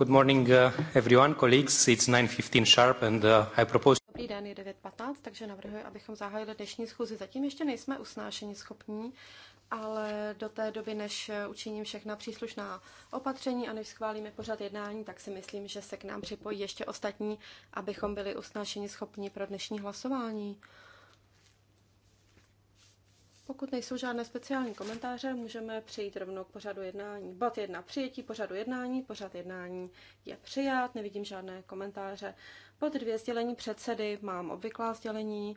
Good morning, uh, everyone, colleagues. It's 9:15 sharp and uh, I propose... Dobrý den, je 9.15, takže navrhuji, abychom zahájili dnešní schůzi. Zatím ještě nejsme usnášení schopní, ale do té doby, než učiním všechna příslušná opatření a než schválíme pořad jednání, tak si myslím, že se k nám připojí ještě ostatní, abychom byli usnášení schopní pro dnešní hlasování. Pokud nejsou žádné speciální komentáře, můžeme přejít rovnou k pořadu jednání. Bod 1. Přijetí pořadu jednání. Pořad jednání je přijat, nevidím žádné komentáře. Bod 2. Sdělení předsedy. Mám obvyklá sdělení.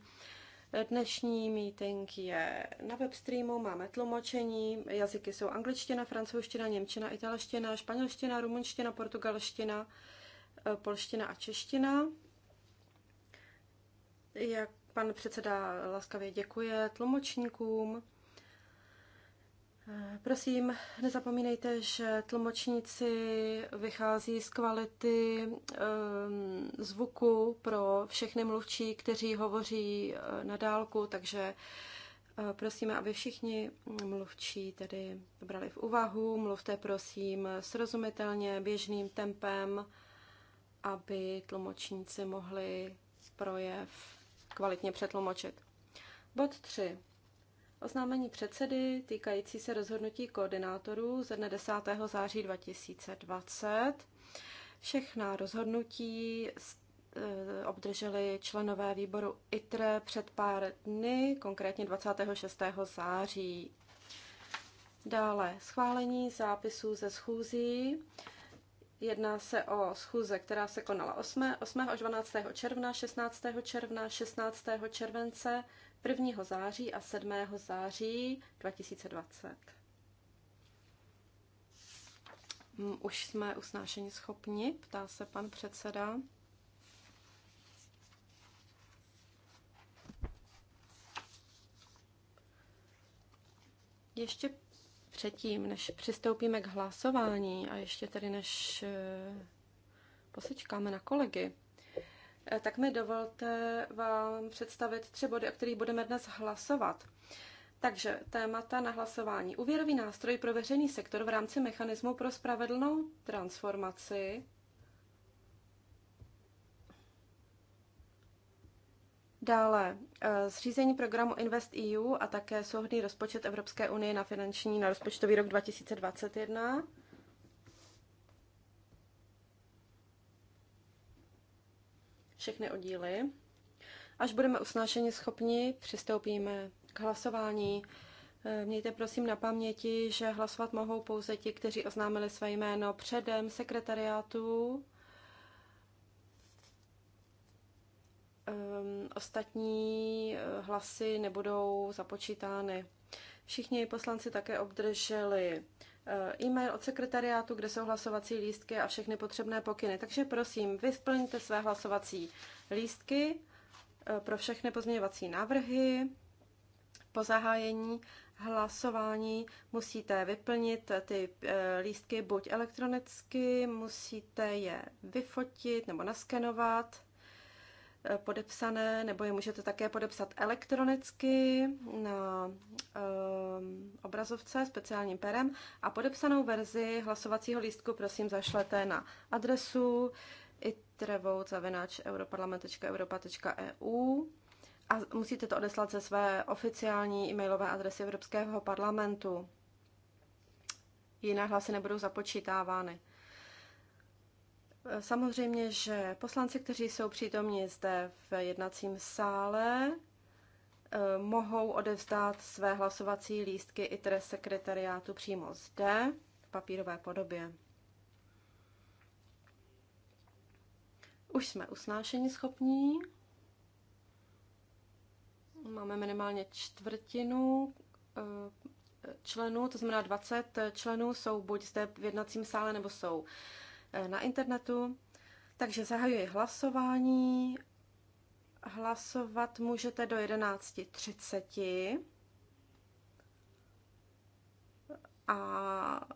Dnešní meeting je na webstreamu, máme tlumočení, jazyky jsou angličtina, francouzština, němčina, italština, španělština, rumunština, portugalština, polština a čeština. Jak Pan předseda laskavě děkuje tlumočníkům. Eh, prosím, nezapomínejte, že tlumočníci vychází z kvality eh, zvuku pro všechny mluvčí, kteří hovoří eh, na dálku, takže prosíme, aby všichni mluvčí tedy brali v úvahu. Mluvte prosím srozumitelně, běžným tempem, aby tlumočníci mohli projev kvalitně přetlumočit. Bod 3. Oznámení předsedy týkající se rozhodnutí koordinátorů ze dne 10. září 2020. Všechna rozhodnutí eh, obdrželi členové výboru ITRE před pár dny, konkrétně 26. září. Dále schválení zápisů ze schůzí. Jedná se o schůze, která se konala 8. 8. až 12. června, 16. června, 16. července, 1. září a 7. září 2020. Už jsme usnášení schopni, ptá se pan předseda. Ještě předtím, než přistoupíme k hlasování a ještě tedy než eh, posečkáme na kolegy, eh, tak mi dovolte vám představit tři body, o kterých budeme dnes hlasovat. Takže témata na hlasování. Úvěrový nástroj pro veřejný sektor v rámci mechanismu pro spravedlnou transformaci Dále eh, zřízení programu Invest EU a také souhrný rozpočet Evropské unie na finanční na rozpočtový rok 2021. Všechny oddíly. Až budeme usnášení schopni, přistoupíme k hlasování. Eh, mějte prosím na paměti, že hlasovat mohou pouze ti, kteří oznámili své jméno předem sekretariátu um, ostatní eh, hlasy nebudou započítány. Všichni poslanci také obdrželi eh, e-mail od sekretariátu, kde jsou hlasovací lístky a všechny potřebné pokyny. Takže prosím, vysplňte své hlasovací lístky eh, pro všechny pozměňovací návrhy. Po zahájení hlasování musíte vyplnit ty lístky buď elektronicky, musíte je vyfotit nebo naskenovat Eh, podepsané, nebo je můžete také podepsat elektronicky na um, obrazovce speciálním perem a podepsanou verzi hlasovacího lístku prosím zašlete na adresu itrevout.europarlament.europa.eu a musíte to odeslat ze své oficiální e-mailové adresy Evropského parlamentu. Jiné hlasy nebudou započítávány. Samozřejmě, že poslanci, kteří jsou přítomni zde v jednacím sále, eh, mohou odevzdat své hlasovací lístky i tedy sekretariátu přímo zde v papírové podobě. Už jsme usnášení schopní. Máme minimálně čtvrtinu eh, členů, to znamená 20 členů jsou buď zde v jednacím sále, nebo jsou Eh, na internetu. Takže zahajuji hlasování. Hlasovat můžete do 11.30 a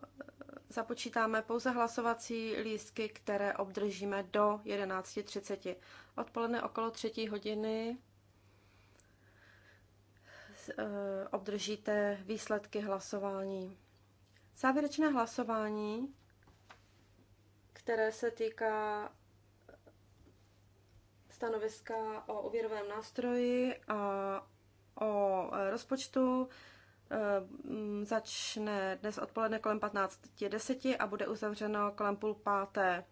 započítáme pouze hlasovací lístky, které obdržíme do 11.30. Odpoledne okolo 3 hodiny eh, obdržíte výsledky hlasování. Závěrečné hlasování které se týká stanoviska o uvěrovém nástroji a o eh, rozpočtu. Eh, mm, začne dnes odpoledne kolem 15.10 a bude uzavřeno kolem půl páté.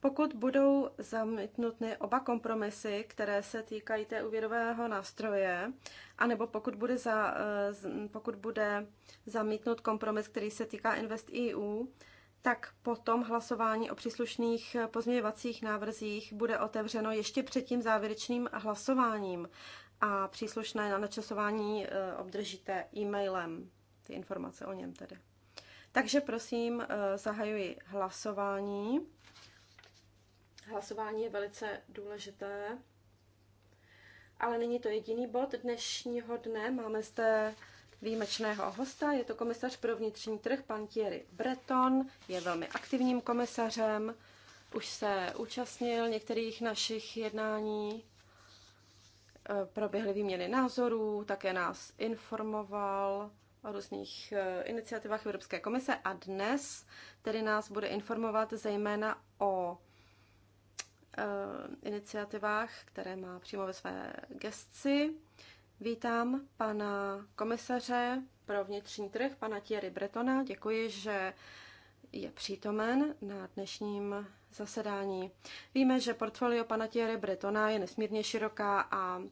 Pokud budou zamítnuty oba kompromisy, které se týkají té úvěrového nástroje, anebo pokud bude, za, eh, pokud bude zamítnut kompromis, který se týká InvestEU, tak potom hlasování o příslušných eh, pozměňovacích návrzích bude otevřeno ještě před tím závěrečným hlasováním a příslušné na načasování eh, obdržíte e-mailem, ty informace o něm tedy. Takže prosím, eh, zahajuji hlasování. Hlasování je velice důležité, ale není to jediný bod dnešního dne. Máme zde výjimečného hosta. Je to komisař pro vnitřní trh, pan Thierry Breton, je velmi aktivním komisařem, už se účastnil některých našich jednání, e, proběhly výměny názorů, také nás informoval o různých e, iniciativách Evropské komise a dnes tedy nás bude informovat zejména o e, iniciativách, které má přímo ve své gesci. Vítám pana komisaře pro vnitřní trh, pana Thierry Bretona. Děkuji, že je přítomen na dnešním zasedání. Víme, že portfolio pana Thierry Bretona je nesmírně široká a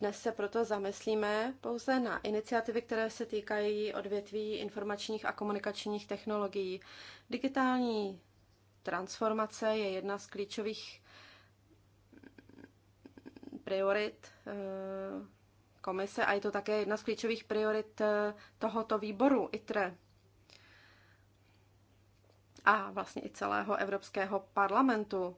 dnes se proto zamyslíme pouze na iniciativy, které se týkají odvětví informačních a komunikačních technologií. Digitální transformace je jedna z klíčových priorit eh, komise a je to také jedna z klíčových priorit eh, tohoto výboru ITRE a vlastně i celého Evropského parlamentu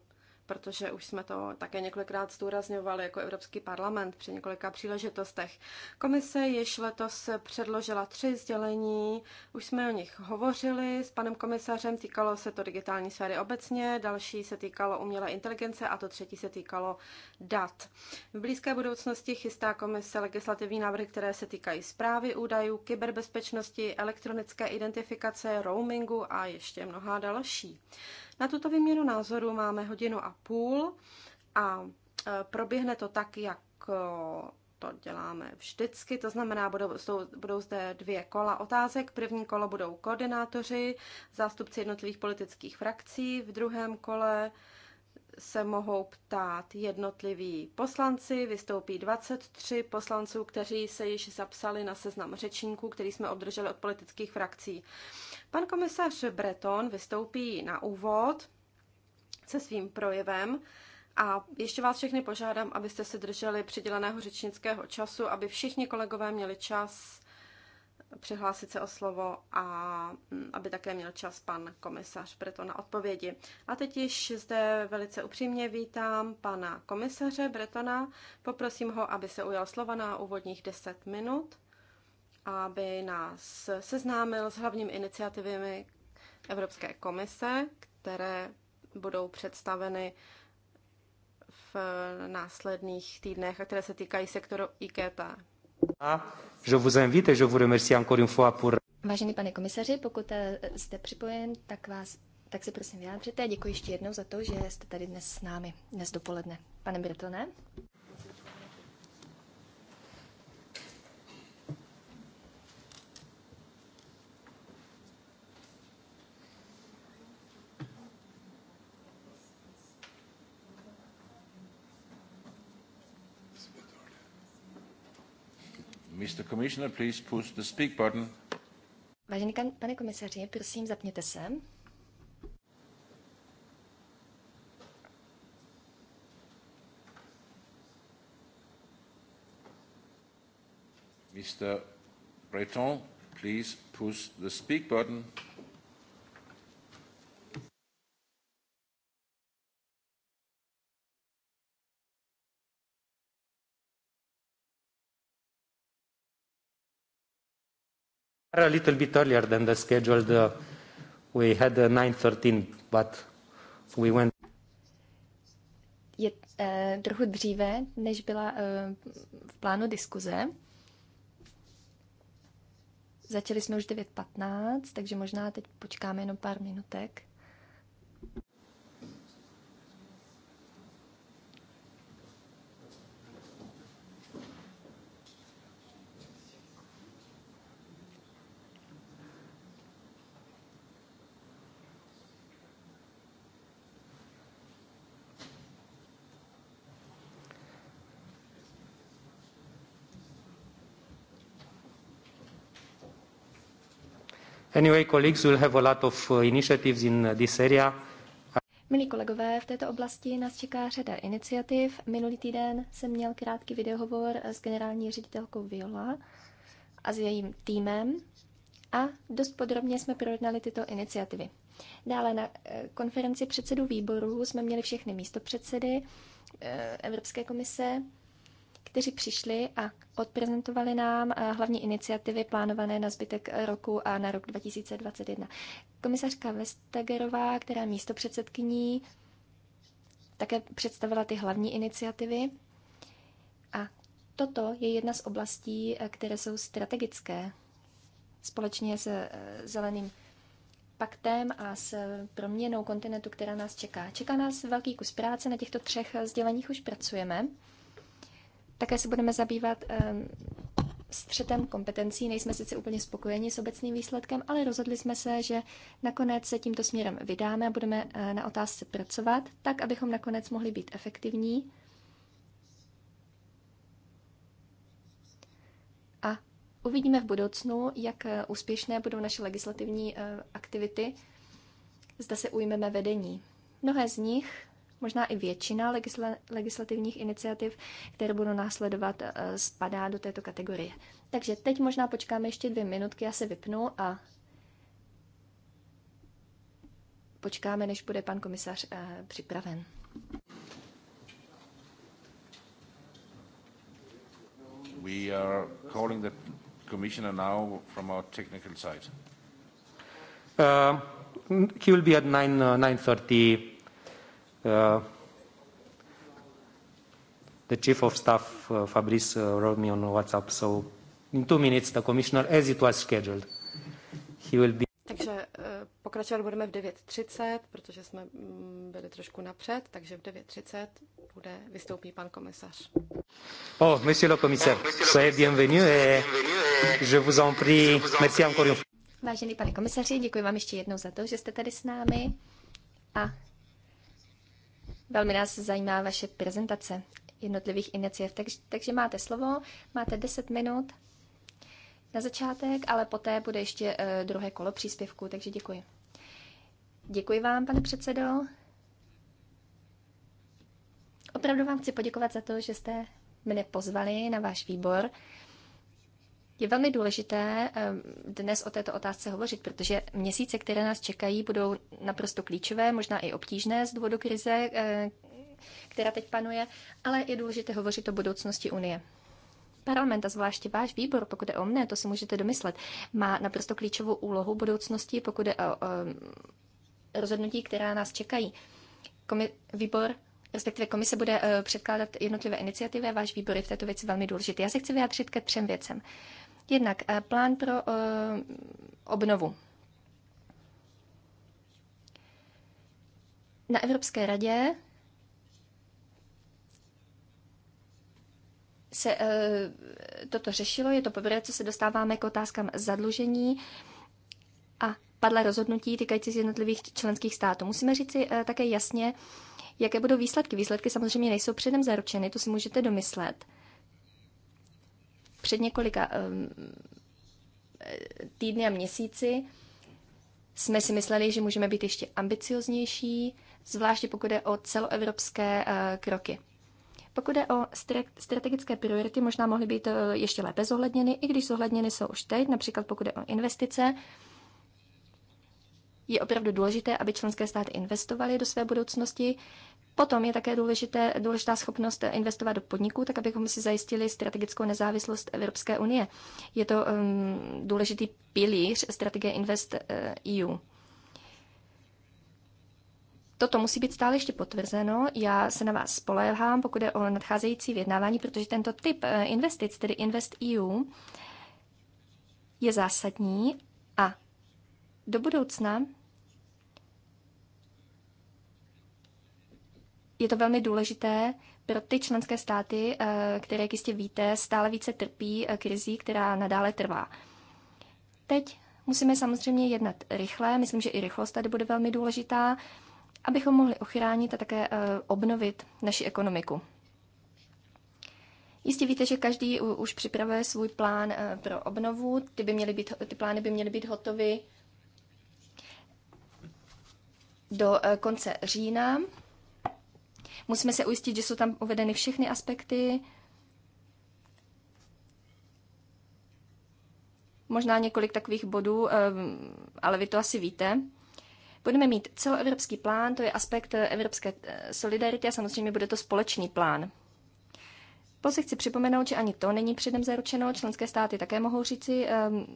protože už jsme to také několikrát zdůrazňovali jako Evropský parlament při několika příležitostech. Komise již letos předložila tři sdělení, už jsme o nich hovořili s panem komisařem, týkalo se to digitální sféry obecně, další se týkalo umělé inteligence a to třetí se týkalo dat. V blízké budoucnosti chystá komise legislativní návrhy, které se týkají zprávy údajů, kyberbezpečnosti, elektronické identifikace, roamingu a ještě mnoha další. Na tuto výměnu názoru máme hodinu a půl a e, proběhne to tak, jak e, to děláme vždycky, to znamená, budou, jsou, budou zde dvě kola otázek. První kolo budou koordinátoři, zástupci jednotlivých politických frakcí, v druhém kole se mohou ptát jednotliví poslanci, vystoupí 23 poslanců, kteří se již zapsali na seznam řečníků, který jsme obdrželi od politických frakcí. Pan komisař Breton vystoupí na úvod se svým projevem a ještě vás všechny požádám, abyste se drželi přiděleného řečnického času, aby všichni kolegové měli čas přihlásit se o slovo a mm, aby také měl čas pan komisař Breton na odpovědi. A teď již zde velice upřímně vítám pana komisaře Bretona. Poprosím ho, aby se ujal slova na úvodních 10 minut aby nás seznámil s hlavními iniciativami Evropské komise, které budou představeny v následných týdnech a které se týkají sektoru IKT. Je vous invite, je vous remercie encore une fois pour... Vážený pane komisaři, pokud eh, jste připojen, tak vás tak se prosím vyjádřete. Děkuji ještě jednou za to, že jste tady dnes s námi, dnes dopoledne. Pane Bretone? Commissioner, please push the speak button. Vážený pane komisaři, prosím, zapněte se. Mr. Breton, please push the speak button. a little bit earlier than the scheduled. Uh, we had uh, 9.13, but we went... Je eh, trochu dříve, než byla eh, v plánu diskuze. Začali jsme už 9.15, takže možná teď počkáme jenom pár minutek. Anyway, colleagues will have a lot of uh, initiatives in uh, this area. Milí kolegové, v této oblasti nás čeká řada iniciativ. Minulý týden jsem měl krátký videohovor eh, s generální ředitelkou Viola a s jejím týmem a dost podrobně jsme projednali tyto iniciativy. Dále na eh, konferenci předsedů výborů jsme měli všechny místopředsedy eh, Evropské komise kteří přišli a odprezentovali nám eh, hlavní iniciativy plánované na zbytek roku a na rok 2021. Komisařka Vestagerová, která místo předsedkyní, také představila ty hlavní iniciativy. A toto je jedna z oblastí, eh, které jsou strategické. Společně se eh, zeleným paktem a s proměnou kontinentu, která nás čeká. Čeká nás velký kus práce, na těchto třech sděleních už pracujeme. Také se budeme zabývat ehm, střetem kompetencí. Nejsme sice úplně spokojeni s obecným výsledkem, ale rozhodli jsme se, že nakonec se tímto směrem vydáme a budeme eh, na otázce pracovat, tak abychom nakonec mohli být efektivní a uvidíme v budoucnu, jak eh, úspěšné budou naše legislativní eh, aktivity, zda se ujmeme vedení. Mnohé z nich možná i většina legisla- legislativních iniciativ, které budou následovat, eh, spadá do této kategorie. Takže teď možná počkáme ještě dvě minutky, já se vypnu a počkáme, než bude pan komisař eh, připraven. We are calling the commissioner now from our technical side. Uh, he will be at 9, uh, 9.30 Uh, the chief of staff, uh, Fabrice, uh, wrote me on WhatsApp. So in two minutes, the commissioner, as it was scheduled, he will be. Takže uh, pokračovat budeme v 9.30, protože jsme mm, byli trošku napřed, takže v 9.30 bude, vystoupí pan komisař. Oh, monsieur le commissaire, soyez bienvenu et je vous en prie, merci encore Vážený pane komisaři, děkuji vám ještě jednou za to, že jste tady s námi a Velmi nás zajímá vaše prezentace jednotlivých iniciativ. Takže, takže máte slovo, máte 10 minut na začátek, ale poté bude ještě eh, druhé kolo příspěvku, takže děkuji. Děkuji vám, pane předsedo. Opravdu vám chci poděkovat za to, že jste mne pozvali na váš výbor. Je velmi důležité eh, dnes o této otázce hovořit, protože měsíce, které nás čekají, budou naprosto klíčové, možná i obtížné z důvodu krize, eh, která teď panuje, ale je důležité hovořit o budoucnosti Unie. Parlament a zvláště váš výbor, pokud je o mne, to si můžete domyslet, má naprosto klíčovou úlohu budoucnosti, pokud je o, o rozhodnutí, která nás čekají. Komi- výbor respektive komise bude eh, předkládat jednotlivé iniciativy a váš výbor je v této věci velmi důležitý. Já se chci vyjádřit ke třem věcem. Jednak eh, plán pro eh, obnovu. Na Evropské radě se eh, toto řešilo, je to poprvé, co se dostáváme k otázkám zadlužení a padla rozhodnutí týkající z jednotlivých členských států. Musíme říci také jasně, jaké budou výsledky. Výsledky samozřejmě nejsou předem zaručeny, to si můžete domyslet. Před několika týdny a měsíci jsme si mysleli, že můžeme být ještě ambicioznější, zvláště pokud je o celoevropské eh, kroky. Pokud je o strategické priority, možná mohly být eh, ještě lépe zohledněny, i když zohledněny jsou už teď, například pokud je o investice. Je opravdu důležité, aby členské státy investovaly do své budoucnosti. Potom je také důležité, důležitá schopnost investovat do podniků, tak abychom si zajistili strategickou nezávislost Evropské unie. Je to um, důležitý pilíř strategie Invest EU. Eh, e Toto musí být stále ještě potvrzeno. Já se na vás spolehám, pokud je o nadcházející vyjednávání, protože tento typ eh, investic, tedy Invest EU, je zásadní a do budoucna je to velmi důležité pro ty členské státy, eh, které, jak jistě víte, stále více trpí eh, krizí, která nadále trvá. Teď musíme samozřejmě jednat rychle, myslím, že i rychlost tady bude velmi důležitá, abychom mohli ochránit a také eh, obnovit naši ekonomiku. Jistě víte, že každý už připravuje svůj plán pro obnovu, ty, by měly být, ty plány by měly být hotovy do konce října Musíme se ujistit, že jsou tam uvedeny všechny aspekty. Možná několik takových bodů, eh, ale vy to asi víte. Budeme mít celoevropský plán, to je aspekt eh, evropské eh, solidarity a samozřejmě bude to společný plán. Pouze chci připomenout, že ani to není předem zaručeno. Členské státy také mohou říci, ehm,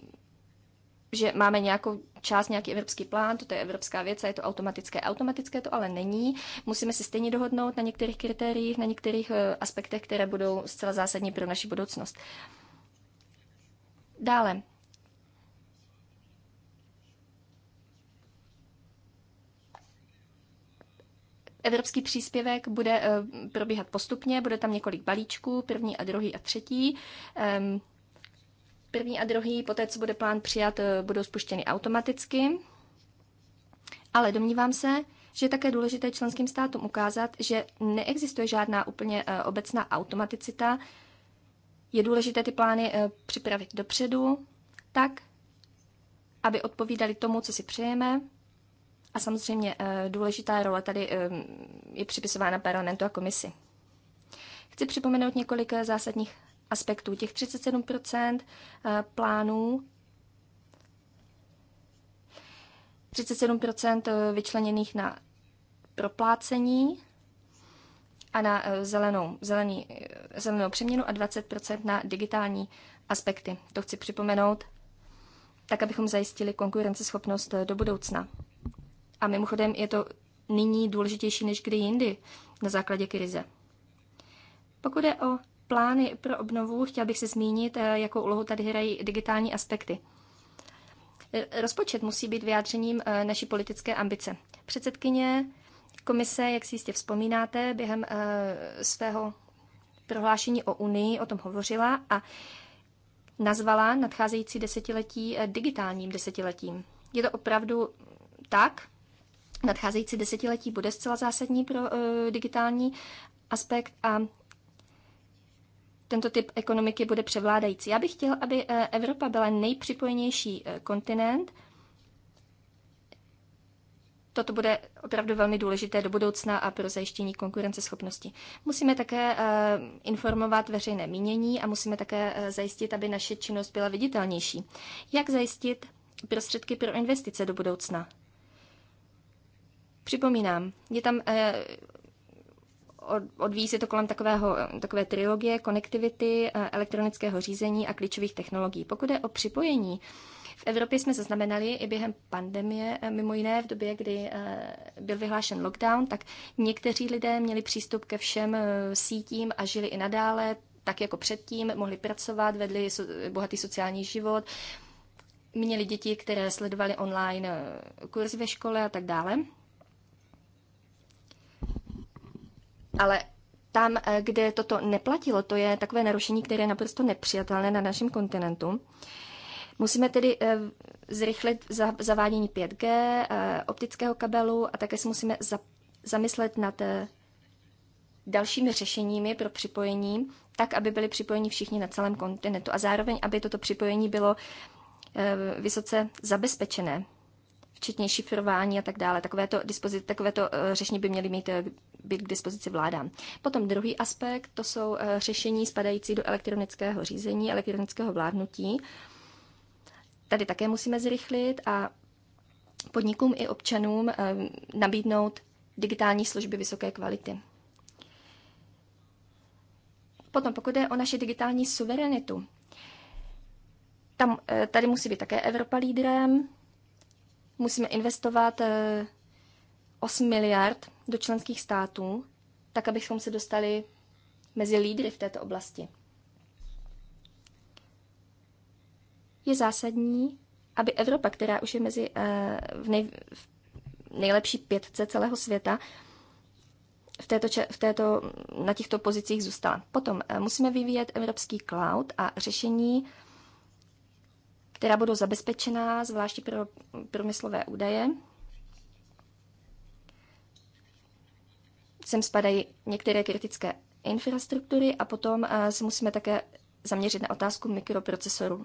že máme nějakou část, nějaký evropský plán, to je evropská věc a je to automatické. Automatické to ale není. Musíme si stejně dohodnout na některých kritériích, na některých eh, aspektech, které budou zcela zásadní pro naši budoucnost. Dále. Evropský příspěvek bude eh, probíhat postupně, bude tam několik balíčků, první a druhý a třetí. Ehm, První a druhý, poté co bude plán přijat, eh, budou spuštěny automaticky. Ale domnívám se, že je také důležité členským státům ukázat, že neexistuje žádná úplně eh, obecná automaticita. Je důležité ty plány eh, připravit dopředu, tak, aby odpovídali tomu, co si přejeme. A samozřejmě důležitá role tady je připisována parlamentu a komisi. Chci připomenout několik zásadních aspektů. Těch 37 eh, plánů 37 eh, vyčleněných na proplácení a na eh, zelenou, zelený, zelenou přeměnu a 20 na digitální aspekty. To chci připomenout, tak abychom zajistili konkurenceschopnost do budoucna. A mimochodem je to nyní důležitější než kdy jindy na základě krize. Pokud je o plány pro obnovu, chtěl bych se zmínit, eh, jakou úlohu tady hrají digitální aspekty. Eh, rozpočet musí být vyjádřením eh, naší politické ambice. Předsedkyně komise, jak si jistě vzpomínáte, během svého prohlášení o Unii o tom hovořila a nazvala nadcházející desetiletí digitálním desetiletím. Je to opravdu tak? Nadcházející desetiletí bude zcela zásadní pro digitální aspekt a tento typ ekonomiky bude převládající. Já bych chtěl, aby eh, Evropa byla nejpřipojenější eh, kontinent. Toto bude opravdu velmi důležité do budoucna a pro zajištění konkurenceschopnosti. Musíme také eh, informovat veřejné mínění a musíme také zajistit, aby naše činnost byla viditelnější. Jak zajistit prostředky pro investice do budoucna? Připomínám, je tam odvíjí se to kolem takového, takové trilogie konektivity, eh, elektronického řízení a klíčových technologií. Pokud je o připojení, v Evropě jsme zaznamenali i během pandemie, eh, mimo jiné v době, kdy eh, byl vyhlášen lockdown, tak někteří lidé měli přístup ke všem sítím a žili i nadále, tak jako předtím, mohli pracovat, vedli bohatý sociální život, měli děti, které sledovali online kurzy ve škole a tak dále. Ale tam, eh, kde toto neplatilo, to je takové narušení, které je naprosto nepřijatelné na našem kontinentu. Musíme tedy eh, zrychlit zavádění 5G, eh, optického kabelu a také se musíme zamyslet nad dalšími řešeními pro připojení, tak, aby byly připojeni všichni na celém kontinentu a zároveň, aby toto připojení bylo vysoce zabezpečené včetně šifrování a tak dále. Takovéto, takové takovéto eh, řešení by měly mít eh, být k dispozici vládám. Potom druhý aspekt, to jsou eh, řešení spadající do elektronického řízení, elektronického vládnutí. Tady také musíme zrychlit a podnikům i občanům nabídnout digitální služby vysoké kvality. Potom, pokud je o naši digitální suverenitu, tam, tady musí být také Evropa lídrem, musíme investovat 8 eh, miliard do členských států, tak abychom se dostali mezi lídry v této oblasti. Je zásadní, aby Evropa, která už je mezi eh, v, nej, v nejlepší pětce celého světa, v této, v této, na těchto pozicích zůstala. Potom eh, musíme vyvíjet evropský cloud a řešení která budou zabezpečená, zvláště pro průmyslové údaje. Sem spadají některé kritické infrastruktury a potom eh, se musíme také zaměřit na otázku mikroprocesorů.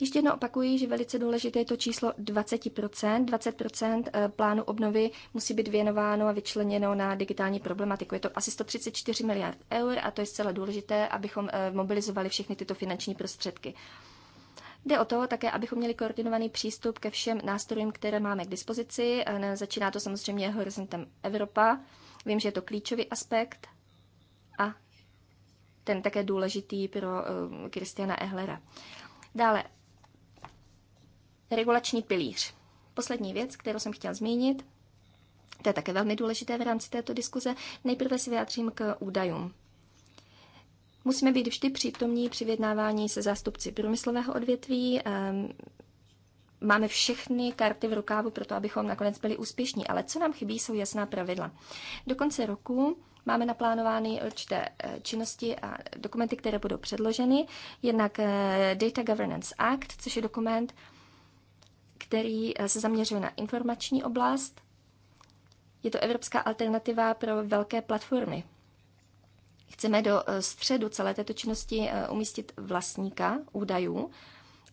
Ještě jednou opakuji, že velice důležité je to číslo 20%. 20% eh, plánu obnovy musí být věnováno a vyčleněno na digitální problematiku. Je to asi 134 miliard eur a to je zcela důležité, abychom eh, mobilizovali všechny tyto finanční prostředky. Jde o to také, abychom měli koordinovaný přístup ke všem nástrojům, které máme k dispozici. Eh, začíná to samozřejmě horizontem Evropa. Vím, že je to klíčový aspekt a ten také důležitý pro Kristiana eh, Ehlera. Dále, regulační pilíř. Poslední věc, kterou jsem chtěl zmínit, to je také velmi důležité v rámci této diskuze. Nejprve si vyjádřím k údajům. Musíme být vždy přítomní při vyjednávání se zástupci průmyslového odvětví. Ehm, máme všechny karty v rukávu pro to, abychom nakonec byli úspěšní, ale co nám chybí, jsou jasná pravidla. Do konce roku máme naplánovány určité eh, činnosti a dokumenty, které budou předloženy. Jednak eh, Data Governance Act, což je dokument, který eh, se zaměřuje na informační oblast. Je to evropská alternativa pro velké platformy. Chceme do eh, středu celé této činnosti eh, umístit vlastníka údajů,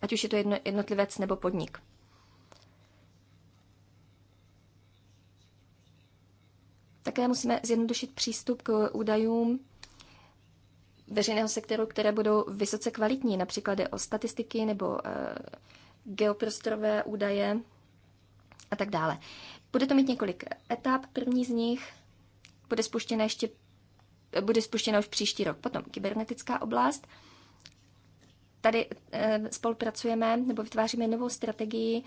ať už je to jednotlivec nebo podnik. Také musíme zjednodušit přístup k údajům veřejného sektoru, které budou vysoce kvalitní, například o statistiky nebo eh, geoprostorové údaje a tak dále. Bude to mít několik etap. První z nich bude spuštěna ještě bude spuštěna už příští rok. Potom kybernetická oblast. Tady eh, spolupracujeme nebo vytváříme novou strategii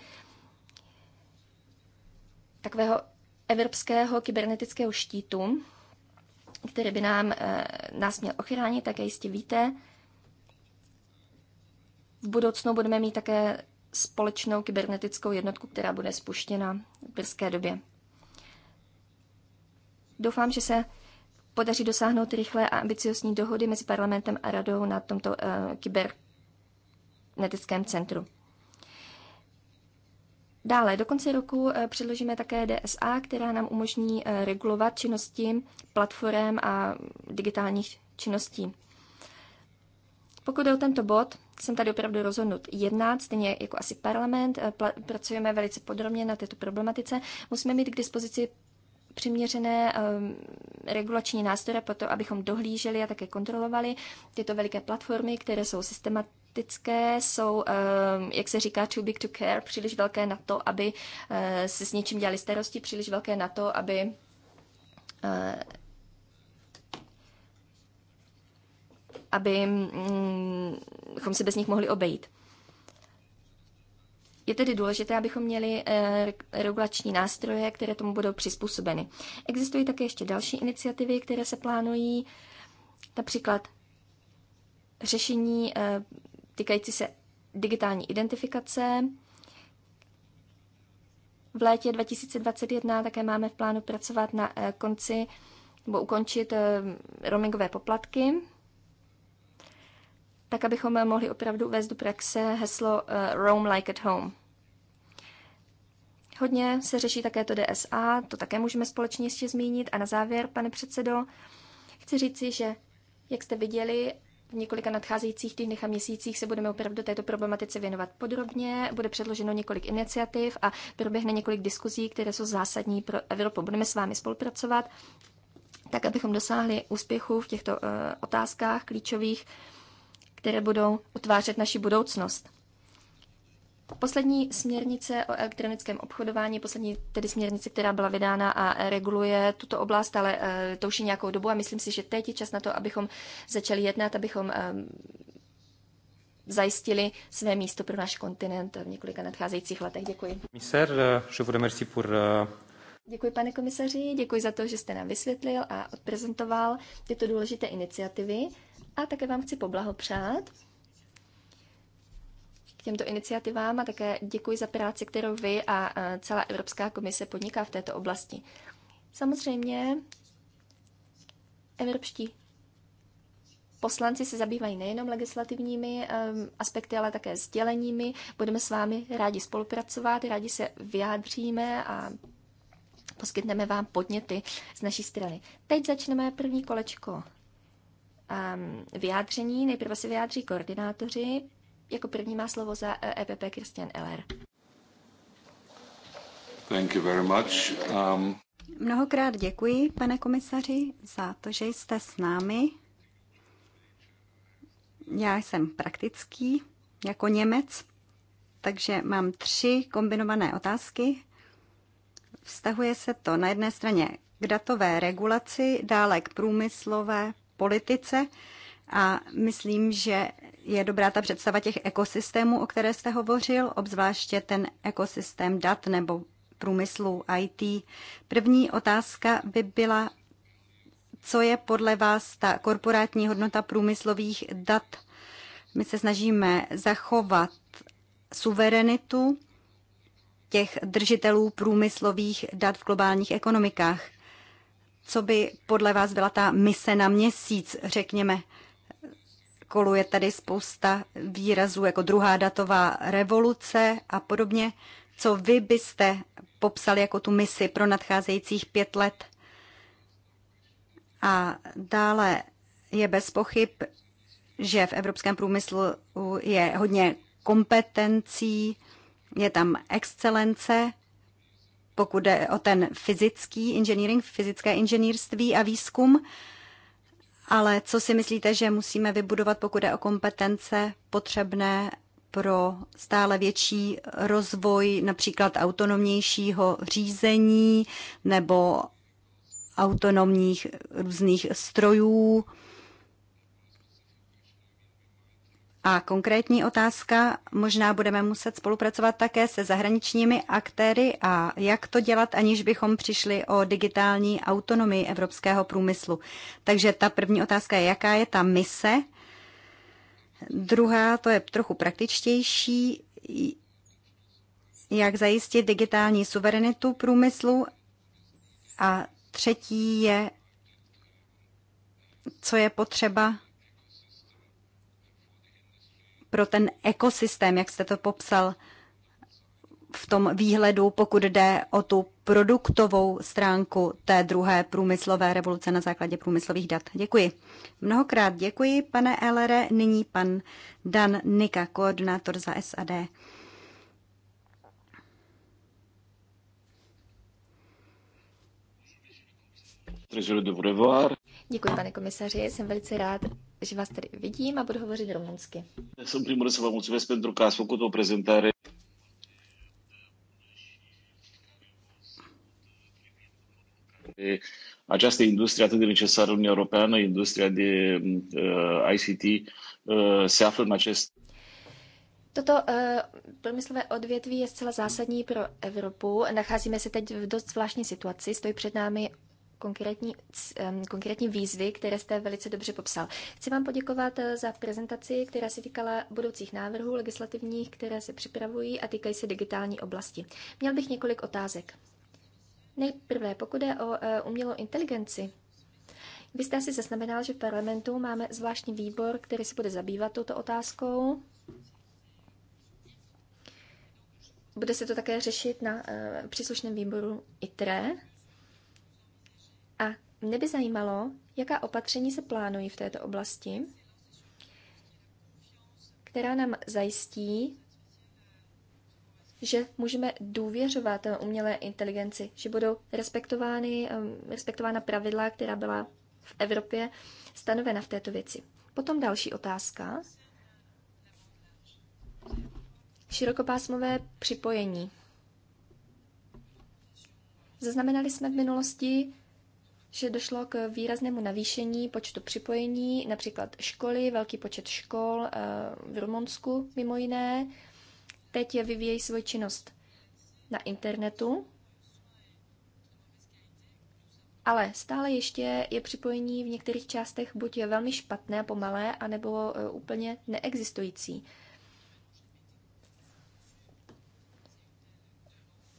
takového evropského kybernetického štítu, který by nám, eh, nás měl ochránit, také jistě víte. V budoucnu budeme mít také společnou kybernetickou jednotku, která bude spuštěna v brzké době. Doufám, že se podaří dosáhnout rychlé a ambiciozní dohody mezi parlamentem a radou na tomto uh, kybernetickém centru. Dále, do konce roku eh, předložíme také DSA, která nám umožní eh, regulovat činnosti platform a digitálních činností. Pokud je o tento bod, jsem tady opravdu rozhodnut jednat, stejně jako asi parlament, pracujeme velice podrobně na této problematice. Musíme mít k dispozici přiměřené ehm, regulační nástroje pro to, abychom dohlíželi a také kontrolovali tyto veliké platformy, které jsou systematické, jsou, ehm, jak se říká, too big to care, příliš velké na to, aby eh, se s něčím dělali starosti, příliš velké na to, aby eh, mm, abychom se bez nich mohli obejít. Je tedy důležité, abychom měli eh, regulační nástroje, které tomu budou přizpůsobeny. Existují také ještě další iniciativy, které se plánují, například řešení eh, týkající se digitální identifikace. V létě 2021 také máme v plánu pracovat na eh, konci nebo ukončit roamingové poplatky tak abychom mohli opravdu vést do praxe heslo eh, Roam like at home. Hodně se řeší také to DSA, to také můžeme společně ještě zmínit. A na závěr, pane předsedo, chci říci, že jak jste viděli, v několika nadcházejících týdnech a měsících se budeme opravdu této problematice věnovat podrobně. Bude předloženo několik iniciativ a proběhne několik diskuzí, které jsou zásadní pro Evropu. Budeme s vámi spolupracovat, tak abychom dosáhli úspěchu v těchto uh, otázkách klíčových které budou utvářet naši budoucnost. Poslední směrnice o elektronickém obchodování, poslední tedy směrnice, která byla vydána a reguluje tuto oblast, ale eh, to už je nějakou dobu a myslím si, že teď je čas na to, abychom začali jednat, abychom eh, zajistili své místo pro náš kontinent v několika nadcházejících letech. Děkuji. Komisar, je eh, vous remercie pour... Děkuji, pane komisaři, děkuji za to, že jste nám vysvětlil a odprezentoval tyto důležité iniciativy. A také vám chci poblahopřát k těmto iniciativám a také děkuji za práci, kterou vy a e, celá Evropská komise podniká v této oblasti. Samozřejmě evropští poslanci se zabývají nejenom legislativními e, aspekty, ale také sděleními. Budeme s vámi rádi spolupracovat, rádi se vyjádříme a poskytneme vám podněty z naší strany. Teď začneme první kolečko um, vyjádření. Nejprve se vyjádří koordinátoři. Jako první má slovo za EPP eh, e Christian Eller. Thank you very much. Um... Mnohokrát děkuji, pane komisaři, za to, že jste s námi. Já jsem praktický jako Němec, takže mám tři kombinované otázky. Vztahuje se to na jedné straně k datové regulaci, dále k průmyslové politice a myslím, že je dobrá ta představa těch ekosystémů, o které jste hovořil, obzvláště ten ekosystém dat nebo průmyslu IT. První otázka by byla, co je podle vás ta korporátní hodnota průmyslových dat? My se snažíme zachovat suverenitu těch držitelů průmyslových dat v globálních ekonomikách co by podle vás byla ta mise na měsíc, řekněme, koluje tady spousta výrazů jako druhá datová revoluce a podobně. Co vy byste popsali jako tu misi pro nadcházejících pět let? A dále je bez pochyb, že v evropském průmyslu je hodně kompetencí, je tam excelence pokud jde o ten fyzický inženýring, fyzické inženýrství a výzkum. Ale co si myslíte, že musíme vybudovat, pokud jde o kompetence potřebné pro stále větší rozvoj například autonomnějšího řízení nebo autonomních různých strojů? A konkrétní otázka, možná budeme muset spolupracovat také se zahraničními aktéry a jak to dělat, aniž bychom přišli o digitální autonomii evropského průmyslu. Takže ta první otázka je, jaká je ta mise. Druhá, to je trochu praktičtější, jak zajistit digitální suverenitu průmyslu. A třetí je, co je potřeba pro ten ekosystém, jak jste to popsal v tom výhledu, pokud jde o tu produktovou stránku té druhé průmyslové revoluce na základě průmyslových dat. Děkuji. Mnohokrát děkuji, pane Elere. Nyní pan Dan Nika, koordinátor za SAD. Děkuji, pane komisaři. Jsem velice rád, že vás tady vidím a budu hovořit rumunsky. Jsem primul se vám vă mulțumesc pentru că ați făcut o prezentare. Această industrie atât de necesară în Europeană, industria de uh, ICT, uh, eh, se află în acest Toto uh, průmyslové odvětví je zcela zásadní pro Evropu. Nacházíme se teď v dost zvláštní situaci. Stojí před námi konkrétní, konkrétní výzvy, které jste velice dobře popsal. Chci vám poděkovat eh, za prezentaci, která se týkala budoucích návrhů legislativních, které se připravují a týkají se digitální oblasti. Měl bych několik otázek. Nejprve, pokud je o eh, umělou inteligenci, vy jste asi zaznamenal, že v parlamentu máme zvláštní výbor, který se bude zabývat touto otázkou. Bude se to také řešit na eh, příslušném výboru ITRE. A mě by zajímalo, jaká opatření se plánují v této oblasti, která nám zajistí, že můžeme důvěřovat eh, umělé inteligenci, že budou respektovány, eh, respektována pravidla, která byla v Evropě stanovena v této věci. Potom další otázka. Širokopásmové připojení. Zaznamenali jsme v minulosti že došlo k výraznému navýšení počtu připojení, například školy, velký počet škol eh, v Rumunsku mimo jiné. Teď je vyvíjejí svoji činnost na internetu, ale stále ještě je připojení v některých částech buď je velmi špatné a pomalé, anebo eh, úplně neexistující.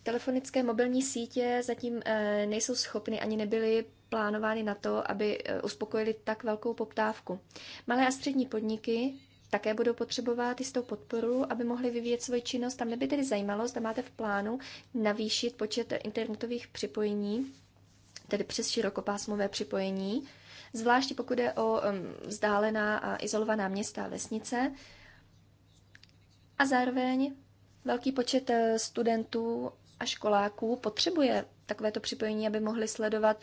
Telefonické mobilní sítě zatím eh, nejsou schopny ani nebyly plánovány na to, aby e, uspokojili tak velkou poptávku. Malé a střední podniky také budou potřebovat jistou podporu, aby mohli vyvíjet svoji činnost. Tam neby tedy zajímalo, zda máte v plánu navýšit počet internetových připojení, tedy přes širokopásmové připojení, zvláště pokud je o vzdálená a izolovaná města a vesnice. A zároveň velký počet e, studentů a školáků potřebuje takovéto připojení, aby mohli sledovat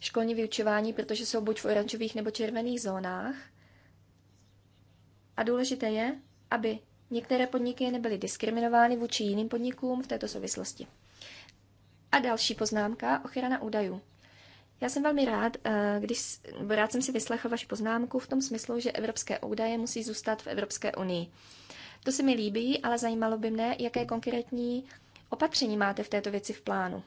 školní vyučování, protože jsou buď v oranžových nebo červených zónách. A důležité je, aby některé podniky nebyly diskriminovány vůči jiným podnikům v této souvislosti. A další poznámka, ochrana údajů. Já jsem velmi rád, eh, když rád jsem si vyslechl vaši poznámku v tom smyslu, že evropské údaje musí zůstat v Evropské unii. To se mi líbí, ale zajímalo by mne, jaké konkrétní opatření máte v této věci v plánu.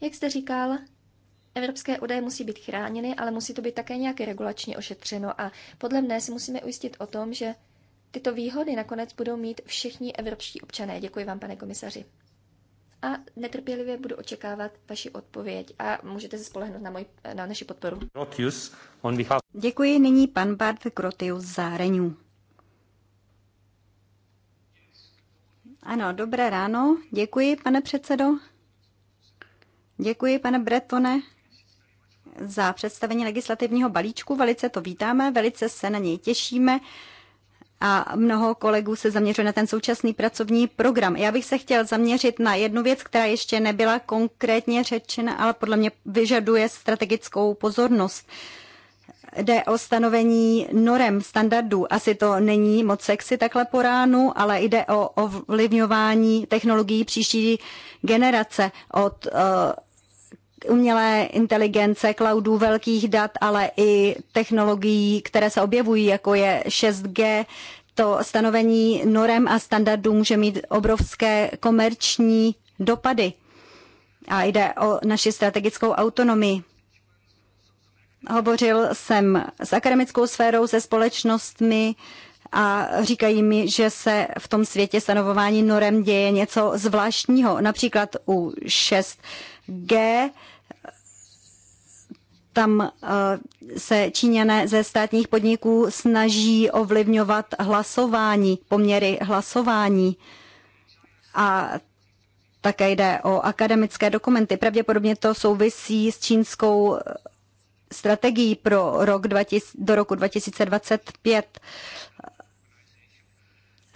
Jak jste říkal, Evropské údaje musí být chráněny, ale musí to být také nějaké regulačně ošetřeno a podle mne se musíme ujistit o tom, že tyto výhody nakonec budou mít všichni evropští občané. Děkuji vám, pane komisaři. A netrpělivě budu očekávat vaši odpověď a můžete se spolehnout na, můj, na naši podporu. Děkuji nyní pan Bart Grotius za Renew. Ano, dobré ráno. Děkuji, pane předsedo. Děkuji, pane Bretone, za představení legislativního balíčku. Velice to vítáme, velice se na něj těšíme a mnoho kolegů se zaměřuje na ten současný pracovní program. Já bych se chtěl zaměřit na jednu věc, která ještě nebyla konkrétně řečena, ale podle mě vyžaduje strategickou pozornost. Jde o stanovení norem, standardů. Asi to není moc sexy takhle po ránu, ale jde o ovlivňování technologií příští generace od eh, umělé inteligence, cloudů, velkých dat, ale i technologií, které se objevují, jako je 6G, to stanovení norem a standardů může mít obrovské komerční dopady. A jde o naši strategickou autonomii. Hovořil jsem s akademickou sférou, se společnostmi a říkají mi, že se v tom světě stanovování norem děje něco zvláštního. Například u 6G tam eh, se Číňané ze státních podniků snaží ovlivňovat hlasování, poměry hlasování. A také jde o akademické dokumenty. Pravděpodobně to souvisí s čínskou eh, strategií pro rok 20, do roku 2025.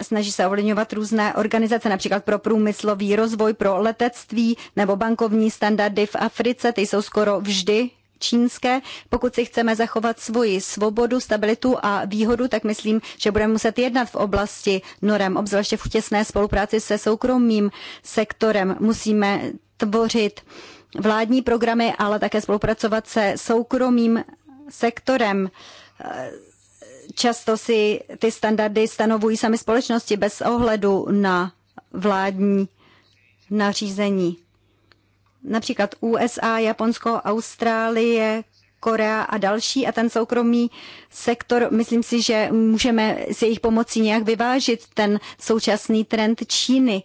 Snaží se ovlivňovat různé organizace, například pro průmyslový rozvoj, pro letectví nebo bankovní standardy v Africe. Ty jsou skoro vždy čínské. Pokud si chceme zachovat svoji svobodu, stabilitu a výhodu, tak myslím, že budeme muset jednat v oblasti norem, obzvláště v těsné spolupráci se soukromým sektorem. Musíme tvořit vládní programy, ale také spolupracovat se soukromým sektorem často si ty standardy stanovují sami společnosti bez ohledu na vládní nařízení například USA, Japonsko, Austrálie, Korea a další a ten soukromý sektor, myslím si, že můžeme s jejich pomocí nějak vyvážit ten současný trend Číny.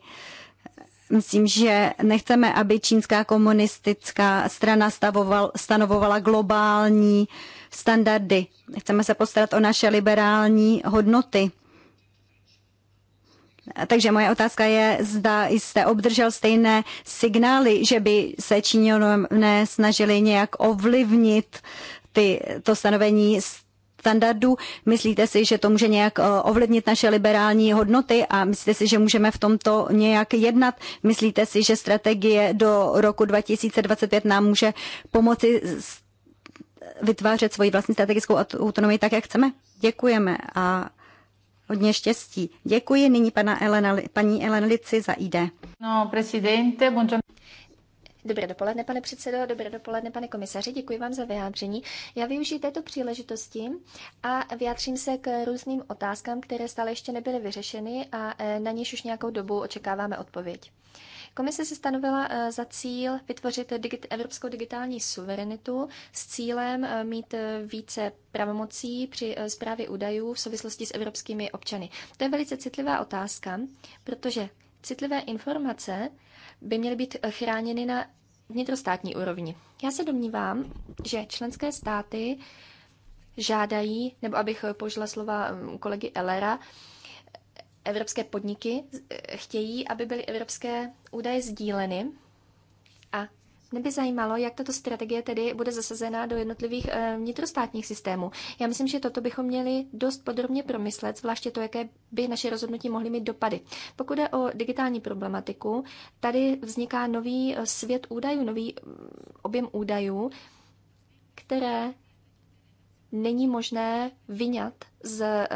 Myslím, že nechceme, aby čínská komunistická strana stavoval, stanovovala globální standardy. Chceme se postarat o naše liberální hodnoty takže moje otázka je, zda jste obdržel stejné signály, že by se Číňané snažili nějak ovlivnit ty, to stanovení standardů. Myslíte si, že to může nějak eh, ovlivnit naše liberální hodnoty a myslíte si, že můžeme v tomto nějak jednat? Myslíte si, že strategie do roku 2025 nám může pomoci vytvářet svoji vlastní strategickou autonomii tak, jak chceme? Děkujeme a hodně štěstí. Děkuji nyní pana Elena, paní Elena Lici za ID. No, presidente, buongiorno. Dobré dopoledne, pane předsedo, dobré dopoledne, pane komisaři, děkuji vám za vyjádření. Já využiju této příležitosti a vyjádřím se k různým otázkám, které stále ještě nebyly vyřešeny a eh, na něž už nějakou dobu očekáváme odpověď. Komise se stanovila eh, za cíl vytvořit digit, evropskou digitální suverenitu s cílem eh, mít eh, více pravomocí při zprávě údajů v souvislosti s evropskými občany. To je velice citlivá otázka, protože citlivé informace by měly být chráněny na vnitrostátní úrovni. Já se domnívám, že členské státy žádají, nebo abych použila slova hm, kolegy Elera, Evropské podniky eh, chtějí, aby byly evropské údaje sdíleny. A mě by zajímalo, jak tato strategie tedy bude zasazená do jednotlivých eh, vnitrostátních systémů. Já myslím, že toto bychom měli dost podrobně promyslet, zvláště to, jaké by naše rozhodnutí mohly mít dopady. Pokud je o digitální problematiku, tady vzniká nový eh, svět údajů, nový mm, objem údajů, které není možné vyňat z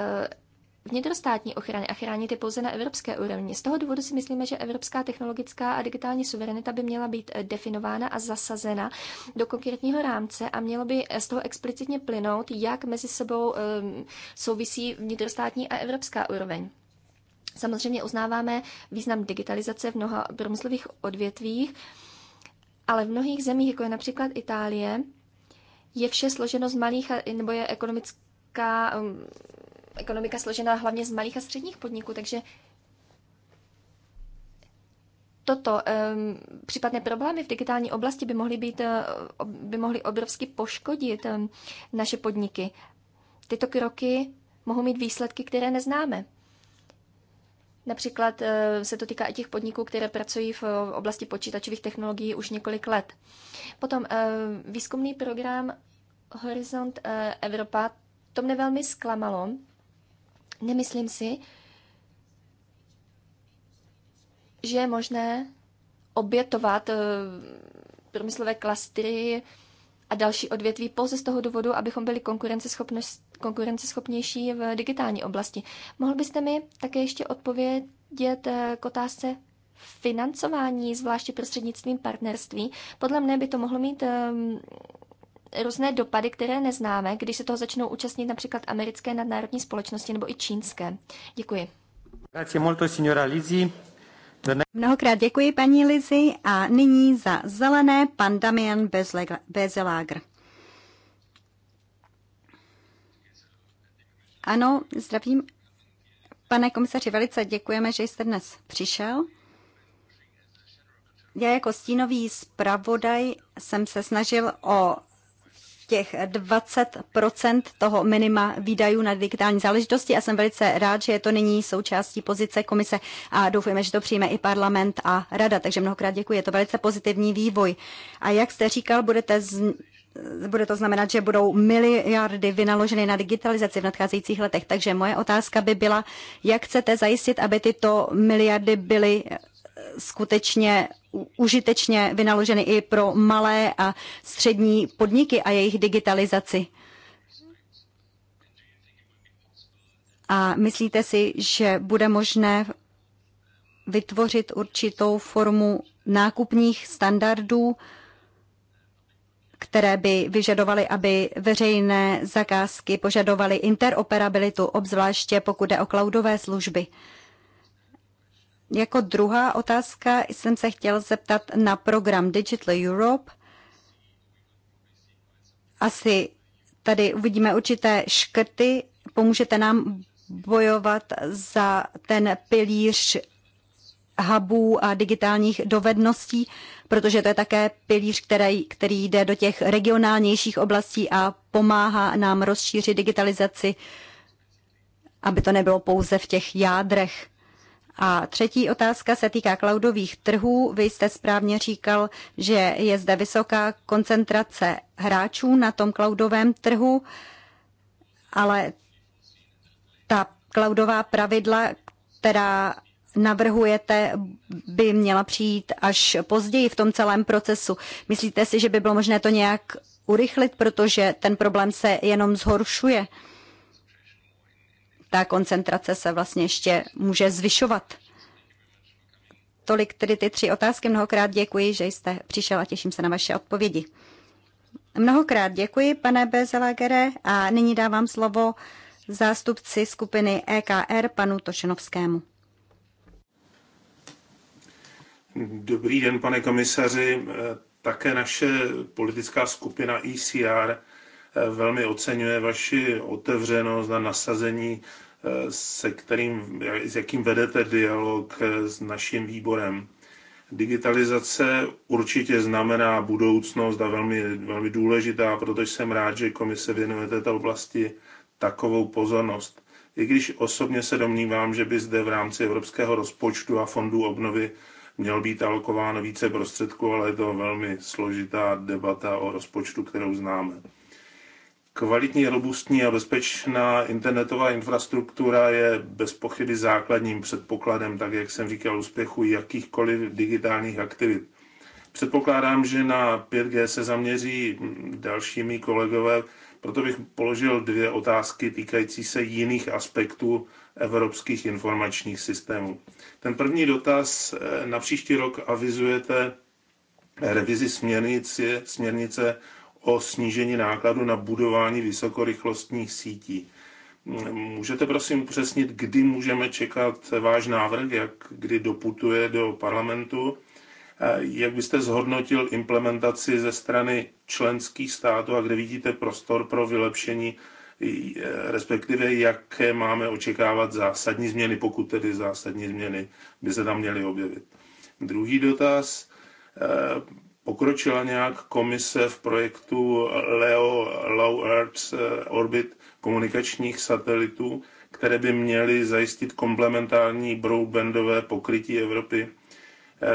vnitrostátní ochrany a chránit je pouze na evropské úrovni. Z toho důvodu si myslíme, že evropská technologická a digitální suverenita by měla být eh, definována a zasazena do konkrétního rámce a mělo by eh, z toho explicitně plynout, jak mezi sebou ehm, souvisí vnitrostátní a evropská úroveň. Samozřejmě uznáváme význam digitalizace v mnoha promyslových odvětvích, ale v mnohých zemích, jako je například Itálie, je vše složeno z malých, nebo je ekonomická ehm, ekonomika složená hlavně z malých a středních podniků, takže toto, um, případné problémy v digitální oblasti by mohly, být, eh, by mohly obrovsky poškodit um, naše podniky. Tyto kroky mohou mít výsledky, které neznáme. Například eh, se to týká i těch podniků, které pracují v eh, oblasti počítačových technologií už několik let. Potom výzkumný program Horizont Evropa, to mne velmi zklamalo. Nemyslím si, že je možné obětovat eh, průmyslové klastry a další odvětví pouze z toho důvodu, abychom byli konkurenceschopnější v digitální oblasti. Mohl byste mi také ještě odpovědět eh, k otázce financování, zvláště prostřednictvím partnerství? Podle mne by to mohlo mít ehm, různé dopady, které neznáme, když se toho začnou účastnit například americké nadnárodní společnosti nebo i čínské. Děkuji. Mnohokrát děkuji paní Lizi a nyní za zelené pan Damian Bezelágr. Ano, zdravím. Pane komisaři, velice děkujeme, že jste dnes přišel. Já jako stínový zpravodaj jsem se snažil o těch 20 toho minima výdajů na digitální záležitosti a jsem velice rád, že je to nyní součástí pozice komise a doufujeme, že to přijme i parlament a rada. Takže mnohokrát děkuji, je to velice pozitivní vývoj. A jak jste říkal, budete z... Bude to znamenat, že budou miliardy vynaloženy na digitalizaci v nadcházejících letech. Takže moje otázka by byla, jak chcete zajistit, aby tyto miliardy byly skutečně užitečně vynaloženy i pro malé a střední podniky a jejich digitalizaci. A myslíte si, že bude možné vytvořit určitou formu nákupních standardů, které by vyžadovaly, aby veřejné zakázky požadovaly interoperabilitu, obzvláště pokud jde o cloudové služby? jako druhá otázka jsem se chtěl zeptat na program Digital Europe. Asi tady uvidíme určité škrty. Pomůžete nám bojovat za ten pilíř hubů a digitálních dovedností, protože to je také pilíř, který, který jde do těch regionálnějších oblastí a pomáhá nám rozšířit digitalizaci, aby to nebylo pouze v těch jádrech a třetí otázka se týká cloudových trhů. Vy jste správně říkal, že je zde vysoká koncentrace hráčů na tom cloudovém trhu, ale ta cloudová pravidla, která navrhujete, by měla přijít až později v tom celém procesu. Myslíte si, že by bylo možné to nějak urychlit, protože ten problém se jenom zhoršuje? ta koncentrace se vlastně ještě může zvyšovat. Tolik tedy ty tři otázky. Mnohokrát děkuji, že jste přišel a těším se na vaše odpovědi. Mnohokrát děkuji, pane Bezelagere, a nyní dávám slovo zástupci skupiny EKR panu Tošenovskému. Dobrý den, pane komisaři. Také naše politická skupina ECR velmi oceňuje vaši otevřenost a nasazení, eh, se kterým, s jakým vedete dialog eh, s naším výborem. Digitalizace určitě znamená budoucnost a velmi, velmi důležitá, protože jsem rád, že komise věnuje této oblasti takovou pozornost. I když osobně se domnívám, že by zde v rámci evropského rozpočtu a fondů obnovy měl být alokováno více prostředků, ale je to velmi složitá debata o rozpočtu, kterou známe. Kvalitní, robustní a bezpečná internetová infrastruktura je bez pochyby základním předpokladem, tak jak jsem říkal, úspěchu jakýchkoliv digitálních aktivit. Předpokládám, že na 5G se zaměří dalšími kolegové, proto bych položil dvě otázky týkající se jiných aspektů evropských informačních systémů. Ten první dotaz eh, na příští rok avizujete revizi směrnice, směrnice o snížení nákladu na budování vysokorychlostních sítí. Můžete prosím upřesnit, kdy můžeme čekat váš návrh, jak kdy doputuje do parlamentu? Jak byste zhodnotil implementaci ze strany členských států a kde vidíte prostor pro vylepšení, e, respektive jaké máme očekávat zásadní změny, pokud tedy zásadní změny by se tam měly objevit? Druhý dotaz e, pokročila nějak komise v projektu LEO Low Earth eh, Orbit komunikačních satelitů, které by měly zajistit komplementární broadbandové pokrytí Evropy?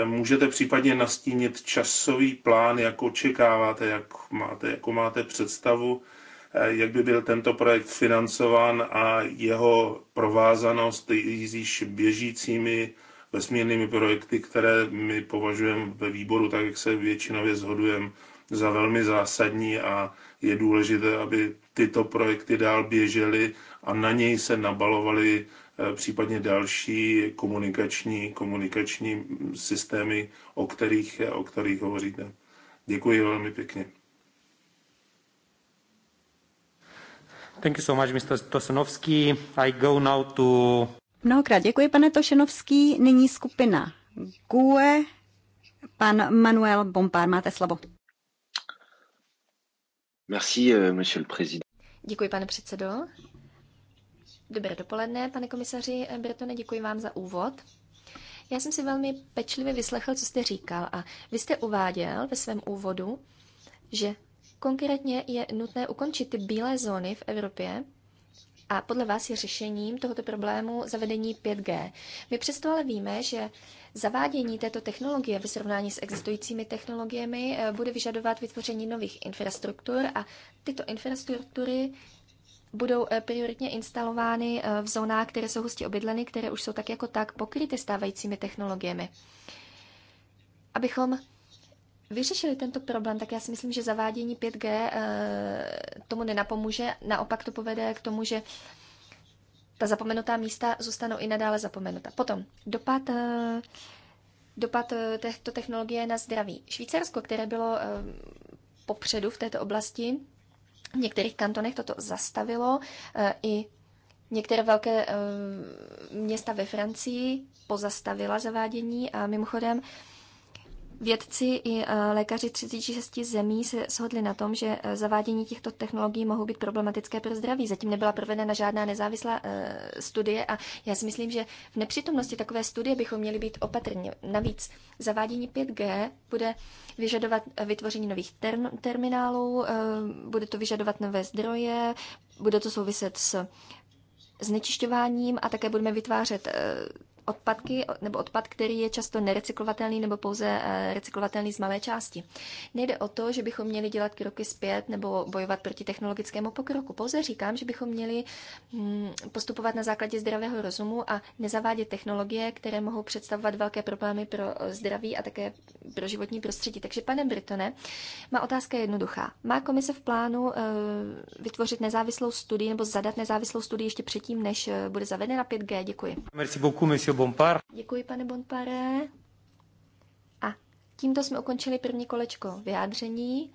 Eh, můžete případně nastínit časový plán, jak očekáváte, jak máte, jako máte představu, eh, jak by byl tento projekt financován a jeho provázanost s již běžícími vesmírnými projekty, které my považujeme ve výboru, tak jak se většinově zhodujeme, za velmi zásadní a je důležité, aby tyto projekty dál běžely a na něj se nabalovaly eh, případně další komunikační, komunikační systémy, o kterých, o kterých hovoříte. Děkuji velmi pěkně. Thank you so much, Mr. Tosanovsky. I go now to... Mnohokrát děkuji, pane Tošenovský. Nyní skupina GUE. Pan Manuel Bompár, máte slovo. Merci, euh, monsieur le président. Děkuji, pane předsedo. Dobré dopoledne, pane komisaři Bretone, děkuji vám za úvod. Já jsem si velmi pečlivě vyslechl, co jste říkal a vy jste uváděl ve svém úvodu, že konkrétně je nutné ukončit ty bílé zóny v Evropě, a podle vás je řešením tohoto problému zavedení 5G. My přesto ale víme, že zavádění této technologie ve srovnání s existujícími technologiemi eh, bude vyžadovat vytvoření nových infrastruktur a tyto infrastruktury budou eh, prioritně instalovány eh, v zónách, které jsou hustě obydleny, které už jsou tak jako tak pokryty stávajícími technologiemi. Abychom vyřešili tento problém, tak já si myslím, že zavádění 5G eh, tomu nenapomůže. Naopak to povede k tomu, že ta zapomenutá místa zůstanou i nadále zapomenuta. Potom dopad, eh, dopad eh, této technologie na zdraví. Švýcarsko, které bylo popředu v této oblasti, v některých kantonech toto zastavilo, i Některé velké města ve Francii pozastavila zavádění a mimochodem Vědci i eh, lékaři 36 zemí se shodli na tom, že eh, zavádění těchto technologií mohou být problematické pro zdraví. Zatím nebyla provedena žádná nezávislá eh, studie a já si myslím, že v nepřítomnosti takové studie bychom měli být opatrní. Navíc zavádění 5G bude vyžadovat vytvoření nových ter- terminálů, bude to vyžadovat nové zdroje, bude to souviset s znečišťováním a také budeme vytvářet odpadky nebo odpad, který je často nerecyklovatelný nebo pouze eh, recyklovatelný z malé části. Nejde o to, že bychom měli dělat kroky zpět nebo bojovat proti technologickému pokroku. Pouze říkám, že bychom měli hm, postupovat na základě zdravého rozumu a nezavádět technologie, které mohou představovat velké problémy pro eh, zdraví a také pro životní prostředí. Takže, pane Britone, má otázka je jednoduchá. Má komise v plánu eh, vytvořit nezávislou studii nebo zadat nezávislou studii ještě předtím, než bude zavedena 5G? Děkuji. Merci beaucoup, monsieur Bompar. Děkuji, pane Bonpare. A tímto jsme ukončili první kolečko vyjádření.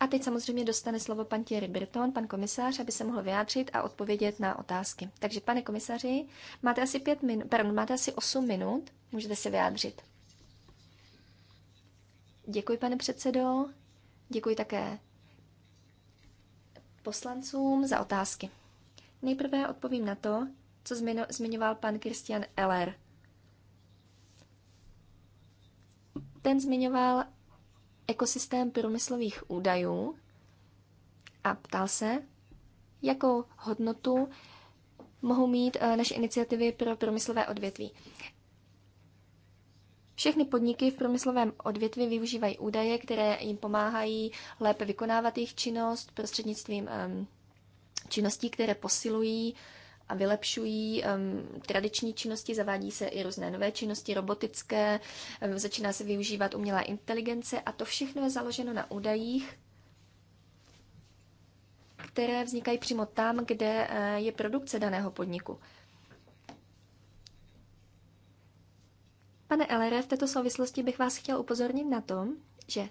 A teď samozřejmě dostane slovo pan Thierry Breton, pan komisář, aby se mohl vyjádřit a odpovědět na otázky. Takže, pane komisaři, máte asi, pět minut, pardon, máte asi 8 minut, můžete se vyjádřit. Děkuji, pane předsedo. Děkuji také poslancům za otázky. Nejprve odpovím na to, co zmiňoval pan Christian Eller. Ten zmiňoval ekosystém průmyslových údajů a ptal se, jakou hodnotu mohou mít eh, naše iniciativy pro průmyslové odvětví. Všechny podniky v průmyslovém odvětví využívají údaje, které jim pomáhají lépe vykonávat jejich činnost prostřednictvím ehm, činností, které posilují a vylepšují um, tradiční činnosti, zavádí se i různé nové činnosti, robotické, um, začíná se využívat umělá inteligence a to všechno je založeno na údajích, které vznikají přímo tam, kde uh, je produkce daného podniku. Pane Elere, v této souvislosti bych vás chtěl upozornit na tom, že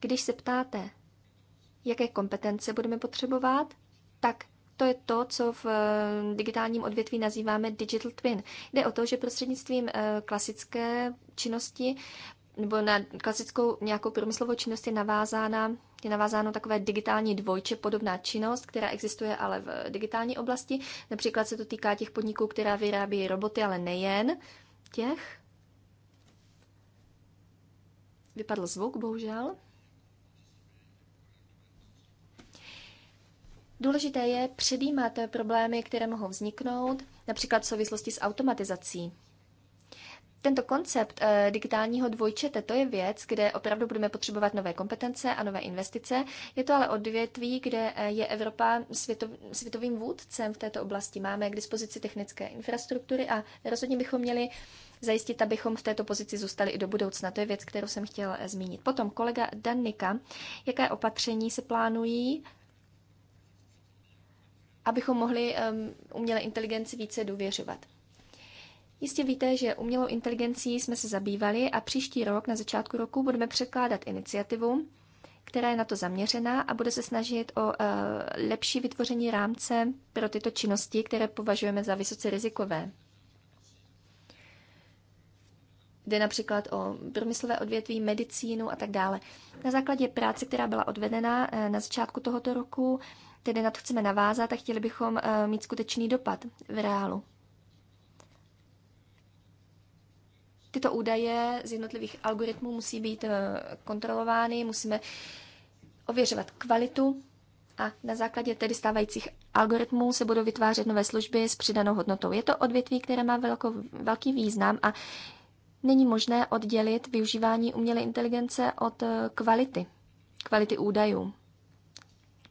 když se ptáte, jaké kompetence budeme potřebovat, tak to je to, co v eh, digitálním odvětví nazýváme digital twin. Jde o to, že prostřednictvím eh, klasické činnosti nebo na klasickou nějakou průmyslovou činnost je navázána je navázáno takové digitální dvojče, podobná činnost, která existuje ale v digitální oblasti. Například se to týká těch podniků, která vyrábí roboty, ale nejen těch. Vypadl zvuk, bohužel. Důležité je předjímat problémy, které mohou vzniknout, například v souvislosti s automatizací. Tento koncept eh, digitálního dvojčete, to je věc, kde opravdu budeme potřebovat nové kompetence a nové investice. Je to ale odvětví, kde eh, je Evropa světovým vůdcem v této oblasti. Máme k dispozici technické infrastruktury a rozhodně bychom měli zajistit, abychom v této pozici zůstali i do budoucna. To je věc, kterou jsem chtěla eh, zmínit. Potom kolega Danika, jaké opatření se plánují abychom mohli umělé inteligenci více důvěřovat. Jistě víte, že umělou inteligencí jsme se zabývali a příští rok na začátku roku budeme překládat iniciativu, která je na to zaměřená a bude se snažit o eh, lepší vytvoření rámce pro tyto činnosti, které považujeme za vysoce rizikové. Jde například o průmyslové odvětví, medicínu a tak dále. Na základě práce, která byla odvedena eh, na začátku tohoto roku, tedy na to chceme navázat a chtěli bychom eh, mít skutečný dopad v reálu. Tyto údaje z jednotlivých algoritmů musí být eh, kontrolovány, musíme ověřovat kvalitu a na základě tedy stávajících algoritmů se budou vytvářet nové služby s přidanou hodnotou. Je to odvětví, které má velko, velký význam a není možné oddělit využívání umělé inteligence od eh, kvality, kvality údajů,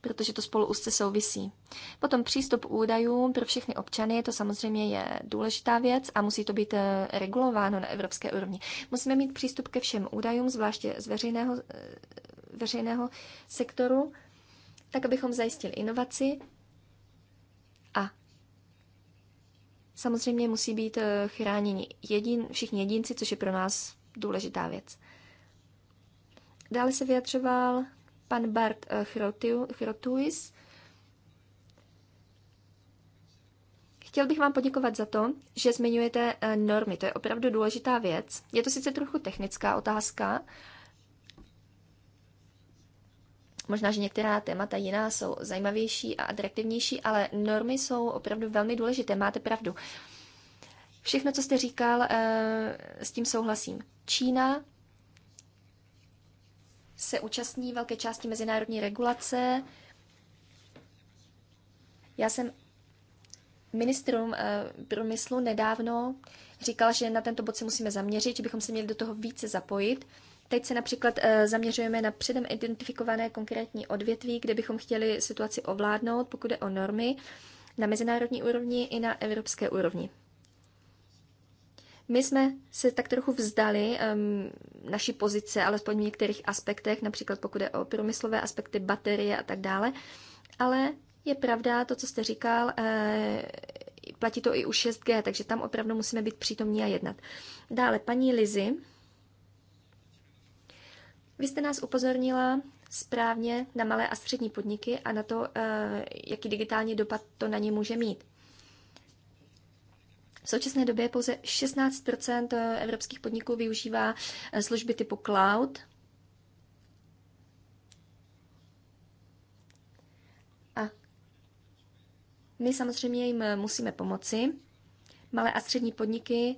protože to spolu úzce souvisí. Potom přístup údajům pro všechny občany, to samozřejmě je důležitá věc a musí to být eh, regulováno na evropské úrovni. Musíme mít přístup ke všem údajům, zvláště z veřejného, eh, veřejného sektoru, tak abychom zajistili inovaci Samozřejmě musí být eh, chráněni jedin, všichni jedinci, což je pro nás důležitá věc. Dále se vyjadřoval pan Bart eh, Chrotuis. Chtěl bych vám poděkovat za to, že zmiňujete eh, normy. To je opravdu důležitá věc. Je to sice trochu technická otázka, Možná, že některá témata jiná jsou zajímavější a atraktivnější, ale normy jsou opravdu velmi důležité, máte pravdu. Všechno, co jste říkal, eh, s tím souhlasím. Čína se účastní velké části mezinárodní regulace. Já jsem ministrům eh, průmyslu nedávno říkal, že na tento bod se musíme zaměřit, že bychom se měli do toho více zapojit. Teď se například eh, zaměřujeme na předem identifikované konkrétní odvětví, kde bychom chtěli situaci ovládnout, pokud je o normy, na mezinárodní úrovni i na evropské úrovni. My jsme se tak trochu vzdali um, naší pozice, alespoň v některých aspektech, například pokud je o průmyslové aspekty, baterie a tak dále. Ale je pravda to, co jste říkal, e, platí to i u 6G, takže tam opravdu musíme být přítomní a jednat. Dále paní Lizy vy jste nás upozornila správně na malé a střední podniky a na to, eh, jaký digitální dopad to na ně může mít. V současné době pouze 16 eh, evropských podniků využívá eh, služby typu cloud. A my samozřejmě jim musíme pomoci. Malé a střední podniky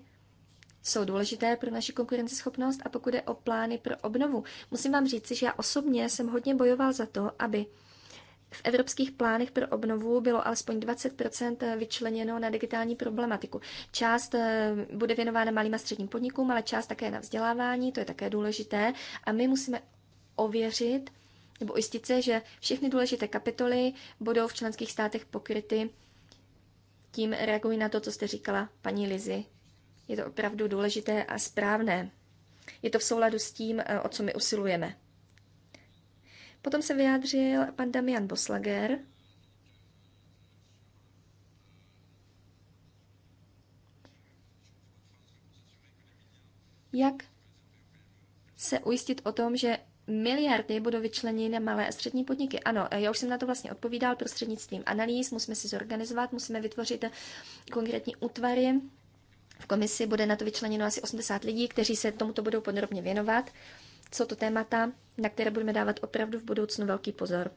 jsou důležité pro naši konkurenceschopnost a pokud je o plány pro obnovu, musím vám říct, že já osobně jsem hodně bojoval za to, aby v evropských plánech pro obnovu bylo alespoň 20 vyčleněno na digitální problematiku. Část eh, bude věnována malým a středním podnikům, ale část také na vzdělávání, to je také důležité. A my musíme ověřit nebo ujistit se, že všechny důležité kapitoly budou v členských státech pokryty. Tím reaguji na to, co jste říkala, paní Lizy, je to opravdu důležité a správné. Je to v souladu s tím, eh, o co my usilujeme. Potom se vyjádřil pan Damian Boslager. Jak se ujistit o tom, že miliardy budou vyčleněny na malé a střední podniky. Ano, eh, já už jsem na to vlastně odpovídal prostřednictvím analýz, musíme si zorganizovat, musíme vytvořit konkrétní útvary, v komisi bude na to vyčleněno asi 80 lidí, kteří se tomuto budou podrobně věnovat. Jsou to témata, na které budeme dávat opravdu v budoucnu velký pozor.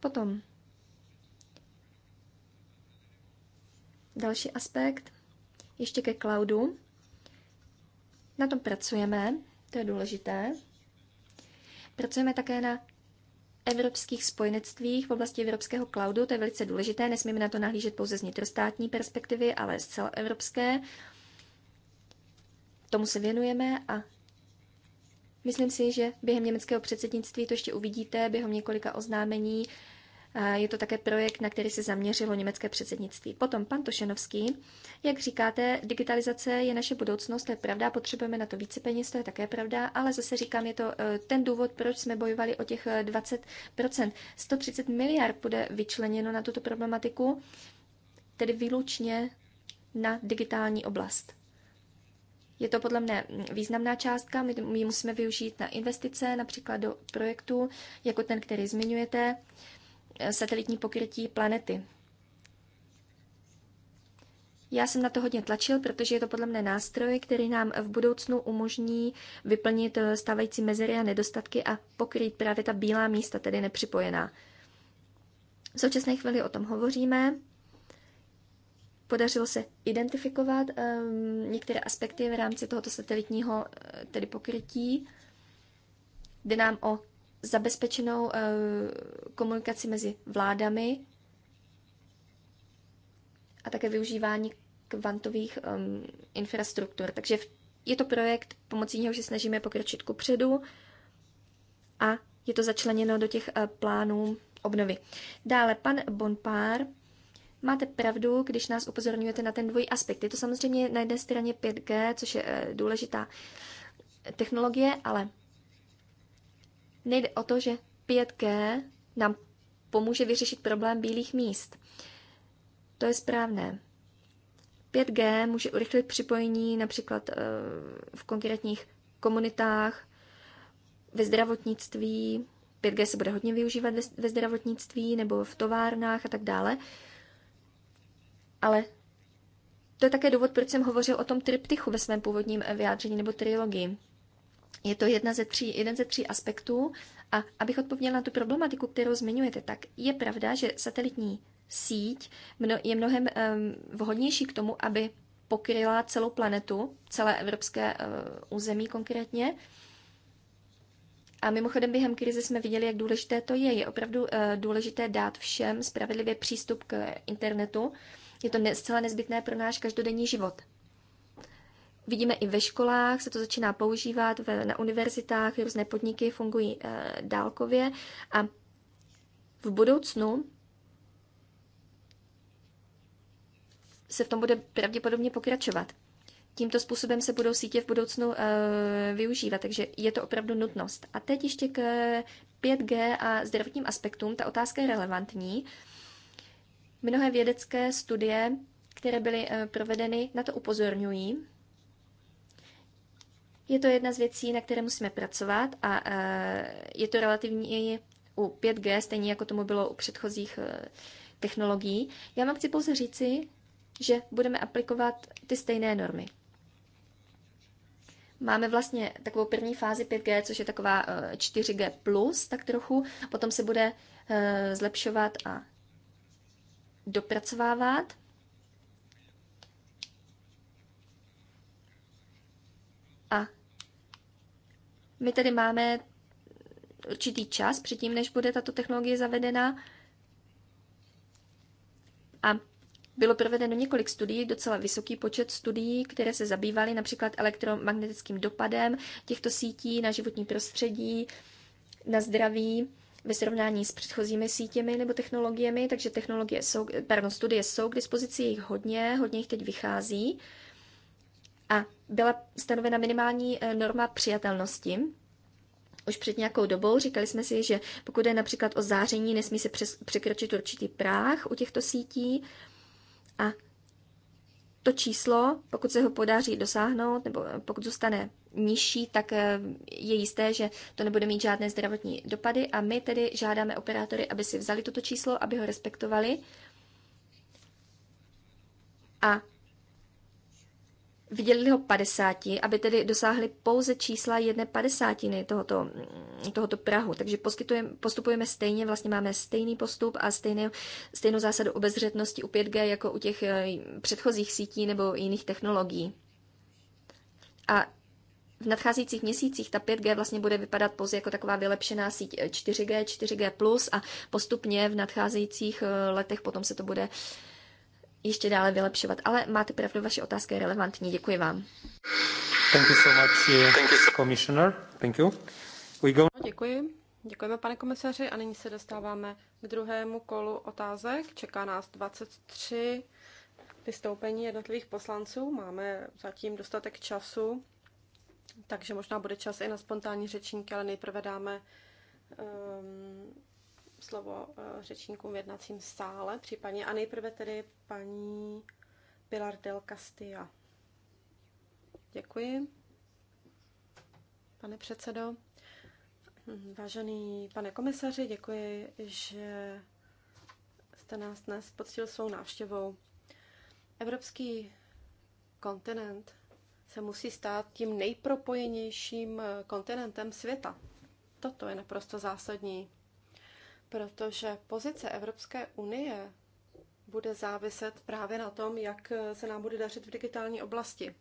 Potom další aspekt, ještě ke cloudu. Na tom pracujeme, to je důležité. Pracujeme také na evropských spojenectvích v oblasti evropského cloudu. To je velice důležité. Nesmíme na to nahlížet pouze z vnitrostátní perspektivy, ale z celoevropské. Tomu se věnujeme a myslím si, že během německého předsednictví to ještě uvidíte, během několika oznámení je to také projekt, na který se zaměřilo německé předsednictví. Potom pan Tošenovský, jak říkáte, digitalizace je naše budoucnost, to je pravda, potřebujeme na to více peněz, to je také pravda, ale zase říkám, je to e, ten důvod, proč jsme bojovali o těch 20%. E, 130 miliard bude vyčleněno na tuto problematiku, tedy výlučně na digitální oblast. Je to podle mne významná částka, my ji musíme využít na investice, například do projektu, jako ten, který zmiňujete satelitní pokrytí planety. Já jsem na to hodně tlačil, protože je to podle mne nástroj, který nám v budoucnu umožní vyplnit eh, stávající mezery a nedostatky a pokrýt právě ta bílá místa, tedy nepřipojená. V současné chvíli o tom hovoříme. Podařilo se identifikovat um, některé aspekty v rámci tohoto satelitního eh, tedy pokrytí. Jde nám o zabezpečenou eh, komunikaci mezi vládami a také využívání kvantových um, infrastruktur. Takže je to projekt, pomocí něho se snažíme pokročit ku předu a je to začleněno do těch uh, plánů obnovy. Dále, pan Bonpár, máte pravdu, když nás upozorňujete na ten dvojí aspekt. Je to samozřejmě na jedné straně 5G, což je uh, důležitá technologie, ale Nejde o to, že 5G nám pomůže vyřešit problém bílých míst. To je správné. 5G může urychlit připojení například eh, v konkrétních komunitách, ve zdravotnictví, 5G se bude hodně využívat ve zdravotnictví nebo v továrnách a tak dále. Ale to je také důvod, proč jsem hovořil o tom triptychu ve svém původním eh, vyjádření nebo trilogii. Je to jedna ze tří, jeden ze tří aspektů. A abych odpověděla na tu problematiku, kterou zmiňujete, tak je pravda, že satelitní síť je mnohem vhodnější k tomu, aby pokryla celou planetu, celé evropské eh, území konkrétně. A mimochodem během krize jsme viděli, jak důležité to je. Je opravdu eh, důležité dát všem spravedlivě přístup k internetu. Je to zcela nezbytné pro náš každodenní život. Vidíme i ve školách, se to začíná používat, ve, na univerzitách, různé podniky fungují e, dálkově a v budoucnu se v tom bude pravděpodobně pokračovat. Tímto způsobem se budou sítě v budoucnu e, využívat, takže je to opravdu nutnost. A teď ještě k 5G a zdravotním aspektům. Ta otázka je relevantní. Mnohé vědecké studie, které byly eh, provedeny, na to upozorňují. Je to jedna z věcí, na které musíme pracovat a eh, je to relativně i u 5G, stejně jako tomu bylo u předchozích eh, technologií. Já vám chci pouze říci, že budeme aplikovat ty stejné normy. Máme vlastně takovou první fázi 5G, což je taková 4G+, eh, tak trochu. Potom se bude zlepšovat a dopracovávat. My tedy máme určitý čas předtím, než bude tato technologie zavedena. A bylo provedeno několik studií, docela vysoký počet studií, které se zabývaly například elektromagnetickým dopadem těchto sítí na životní prostředí, na zdraví ve srovnání s předchozími sítěmi nebo technologiemi, takže technologie jsou, pardon, studie jsou k dispozici, jich hodně, hodně jich teď vychází a byla stanovena minimální eh, norma přijatelnosti. Už před nějakou dobou říkali jsme si, že pokud je například o záření, nesmí se přes, překročit určitý práh u těchto sítí a to číslo, pokud se ho podaří dosáhnout, nebo eh, pokud zůstane nižší, tak eh, je jisté, že to nebude mít žádné zdravotní dopady a my tedy žádáme operátory, aby si vzali toto číslo, aby ho respektovali a vydělili ho 50, aby tedy dosáhli pouze čísla jedné padesátiny tohoto, mm, tohoto Prahu. Takže postupujeme stejně, vlastně máme stejný postup a stejné, stejnou zásadu obezřetnosti u 5G jako u těch eh, předchozích sítí nebo jiných technologií. A v nadcházejících měsících ta 5G vlastně bude vypadat pouze jako taková vylepšená síť 4G, eh, 4G+, a postupně v nadcházejících eh, letech potom se to bude uh, ještě dále vylepšovat. Ale máte pravdu, vaše otázka je relevantní. Děkuji vám. Thank you so much, uh, Thank you. Commissioner. Thank you. We go... No, děkuji. Děkujeme, pane komisaři, a nyní se dostáváme k druhému kolu otázek. Čeká nás 23 vystoupení jednotlivých poslanců. Máme zatím dostatek času, takže možná bude čas i na spontánní řečníky, ale nejprve dáme um, slovo eh, řečníkům v jednacím sále, případně a nejprve tedy paní Pilar del Castilla. Děkuji. Pane předsedo, vážený pane komisaři, děkuji, že jste nás dnes poctil svou návštěvou. Evropský kontinent se musí stát tím nejpropojenějším kontinentem světa. Toto je naprosto zásadní protože pozice Evropské unie bude záviset právě na tom, jak se nám bude dařit v digitální oblasti.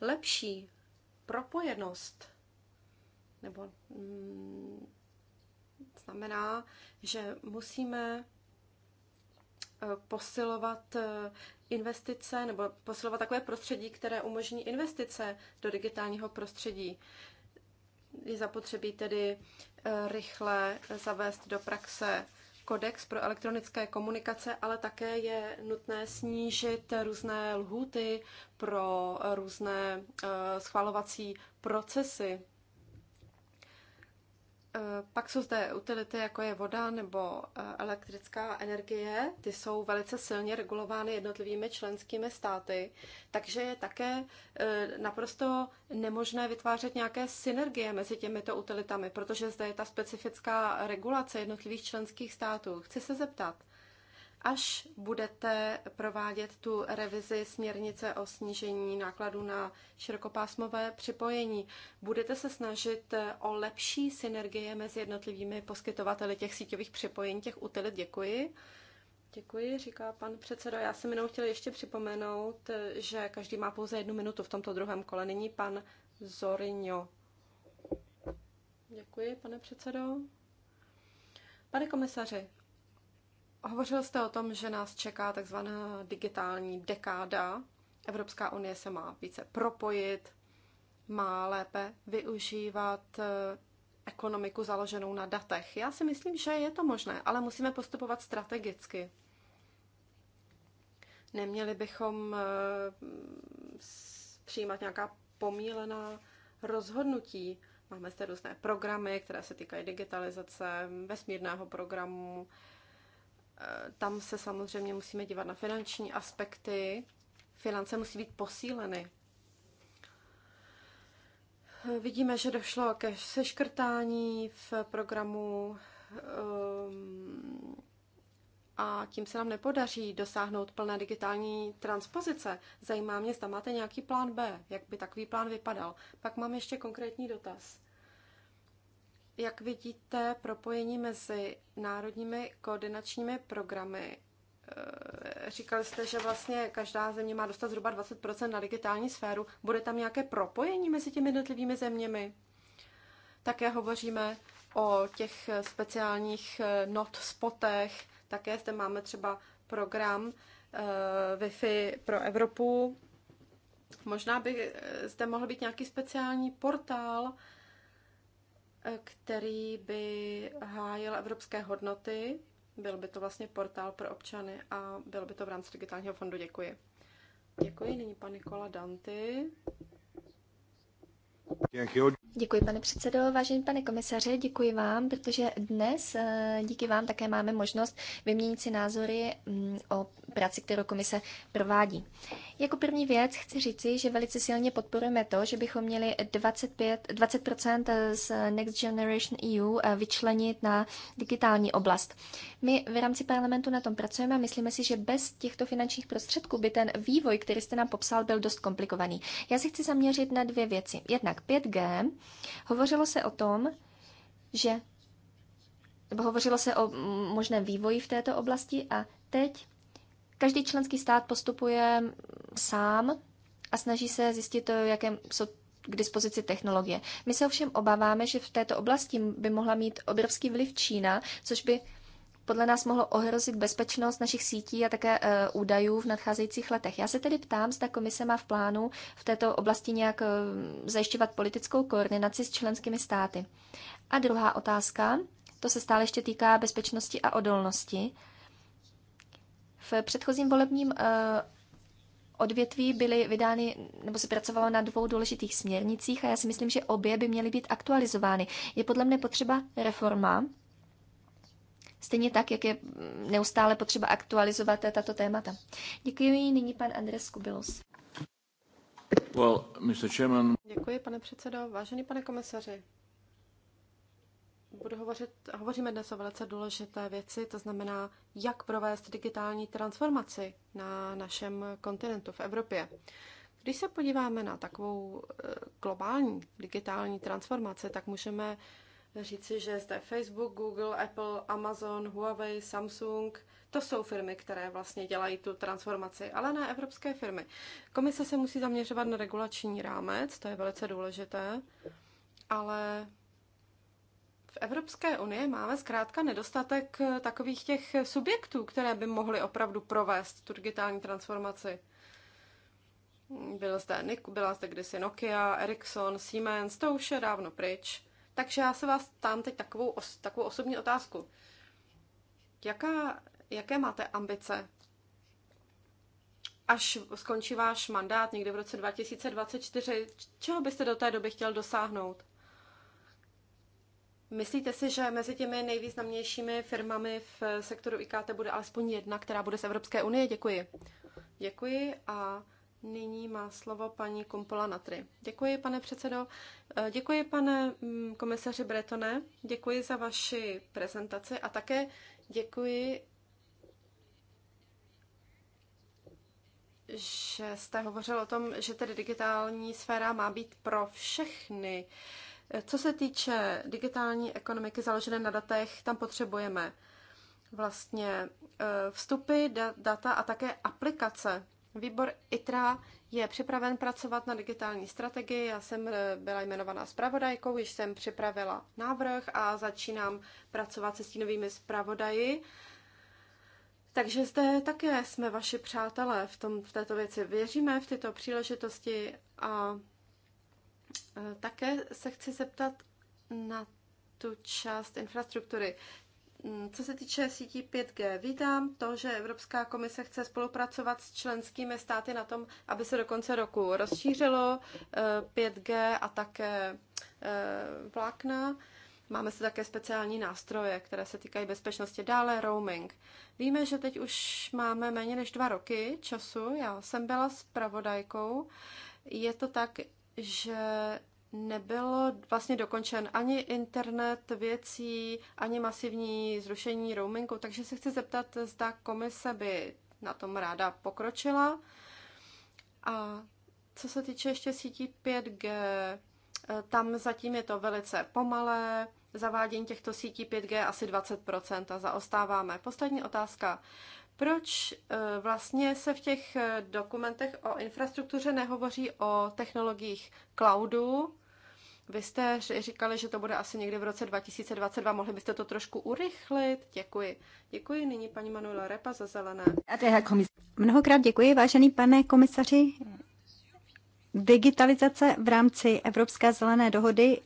Lepší propojenost nebo mm, znamená, že musíme eh, posilovat eh, investice nebo posilovat takové prostředí, které umožní investice do digitálního prostředí je zapotřebí tedy eh, rychle zavést do praxe kodex pro elektronické komunikace, ale také je nutné snížit různé lhuty pro různé eh, schvalovací procesy Eh, pak jsou zde utility, jako je voda nebo eh, elektrická energie. Ty jsou velice silně regulovány jednotlivými členskými státy, takže je také eh, naprosto nemožné vytvářet nějaké synergie mezi těmito utilitami, protože zde je ta specifická regulace jednotlivých členských států. Chci se zeptat, až budete provádět tu revizi směrnice o snížení nákladů na širokopásmové připojení. Budete se snažit eh, o lepší synergie mezi jednotlivými poskytovateli těch síťových připojení, těch utilit? Děkuji. Děkuji, říká pan předseda. Já jsem jenom chtěla ještě připomenout, eh, že každý má pouze jednu minutu v tomto druhém kole. Nyní pan Zorinho. Děkuji, pane předsedo. Pane komisaři, Hovořil jste o tom, že nás čeká takzvaná digitální dekáda. Evropská unie se má více propojit, má lépe využívat eh, ekonomiku založenou na datech. Já si myslím, že je to možné, ale musíme postupovat strategicky. Neměli bychom eh, přijímat nějaká pomílená rozhodnutí. Máme zde různé programy, které se týkají digitalizace, vesmírného programu, Eh, tam se samozřejmě musíme dívat na finanční aspekty. Finance musí být posíleny. Eh, vidíme, že došlo ke seškrtání v programu ehm, a tím se nám nepodaří dosáhnout plné digitální transpozice. Zajímá mě, zda máte nějaký plán B, jak by takový plán vypadal. Pak mám ještě konkrétní dotaz. Jak vidíte, propojení mezi národními koordinačními programy. Eh, říkali jste, že vlastně každá země má dostat zhruba 20% na digitální sféru. Bude tam nějaké propojení mezi těmi jednotlivými zeměmi? Také hovoříme o těch speciálních eh, spotech. Také zde máme třeba program eh, Wi-Fi pro Evropu. Možná by zde mohl být nějaký speciální portál, který by hájil evropské hodnoty. Byl by to vlastně portál pro občany a bylo by to v rámci digitálního fondu. Děkuji. Děkuji. Nyní pan Nikola Danty. Děkuji, pane předsedo. Vážený pane komisaři, děkuji vám, protože dnes eh, díky vám také máme možnost vyměnit si názory mm, o práci, kterou komise provádí. Jako první věc chci říci, že velice silně podporujeme to, že bychom měli 25, 20% z Next Generation EU eh, vyčlenit na digitální oblast. My v rámci parlamentu na tom pracujeme a myslíme si, že bez těchto finančních prostředků by ten vývoj, který jste nám popsal, byl dost komplikovaný. Já se chci zaměřit na dvě věci. Jednak 5G, Hovořilo se o tom, že nebo hovořilo se o možném vývoji v této oblasti a teď každý členský stát postupuje sám a snaží se zjistit, jaké jsou k dispozici technologie. My se ovšem obáváme, že v této oblasti by mohla mít obrovský vliv Čína, což by podle nás mohlo ohrozit bezpečnost našich sítí a také e, údajů v nadcházejících letech. Já se tedy ptám, zda komise má v plánu v této oblasti nějak e, zajišťovat politickou koordinaci s členskými státy. A druhá otázka, to se stále ještě týká bezpečnosti a odolnosti. V předchozím volebním e, odvětví byly vydány, nebo se pracovalo na dvou důležitých směrnicích a já si myslím, že obě by měly být aktualizovány. Je podle mě potřeba reforma Stejně tak, jak je neustále potřeba aktualizovat tato témata. Děkuji nyní pan Andres Kubilos. Well, Mr. Chairman. Děkuji, pane předsedo. Vážený pane komisaři, budu hovořit, hovoříme dnes o velice důležité věci, to znamená, jak provést digitální transformaci na našem kontinentu v Evropě. Když se podíváme na takovou eh, globální digitální transformaci, tak můžeme říci, že zde Facebook, Google, Apple, Amazon, Huawei, Samsung, to jsou firmy, které vlastně dělají tu transformaci, ale ne evropské firmy. Komise se musí zaměřovat na regulační rámec, to je velice důležité, ale v Evropské unii máme zkrátka nedostatek eh, takových těch subjektů, které by mohly opravdu provést tu digitální transformaci. Byl zde, byla zde kdysi Nokia, Ericsson, Siemens, to už je dávno pryč. Takže já se vás ptám teď takovou, os, takovou osobní otázku. Jaká, jaké máte ambice? Až skončí váš mandát někde v roce 2024, čeho byste do té doby chtěl dosáhnout? Myslíte si, že mezi těmi nejvýznamnějšími firmami v sektoru IKT bude alespoň jedna, která bude z Evropské unie? Děkuji. Děkuji a Nyní má slovo paní Kumpola Natry. Děkuji, pane předsedo. Eh, děkuji, pane mm, komisaři Bretone. Děkuji za vaši prezentaci a také děkuji, že jste hovořil o tom, že tedy digitální sféra má být pro všechny. Eh, co se týče digitální ekonomiky založené na datech, tam potřebujeme vlastně eh, vstupy, data a také aplikace Výbor ITRA je připraven pracovat na digitální strategii. Já jsem eh, byla jmenovaná zpravodajkou, již jsem připravila návrh a začínám pracovat se stínovými zpravodaji. Takže zde také jsme vaši přátelé v, tom, v této věci. Věříme v tyto příležitosti a eh, také se chci zeptat na tu část infrastruktury. Mm, co se týče sítí 5G, vítám to, že Evropská komise chce spolupracovat s členskými státy na tom, aby se do konce roku rozšířilo 5G eh, a také eh, vlákna. Máme se také speciální nástroje, které se týkají bezpečnosti. Dále roaming. Víme, že teď už máme méně než dva roky času. Já jsem byla s pravodajkou. Je to tak, že nebylo vlastně dokončen ani internet věcí, ani masivní zrušení roamingu, takže se chci zeptat, zda komise by na tom ráda pokročila. A co se týče ještě sítí 5G, eh, tam zatím je to velice pomalé, zavádění těchto sítí 5G asi 20% a zaostáváme. Poslední otázka. Proč eh, vlastně se v těch eh, dokumentech o infrastruktuře nehovoří o technologiích cloudu? Vy jste říkali, že to bude asi někdy v roce 2022. Mohli byste to trošku urychlit? Děkuji. Děkuji nyní paní Manuela Repa za zelené. Mnohokrát děkuji, vážený pane komisaři. Digitalizace v rámci Evropské zelené dohody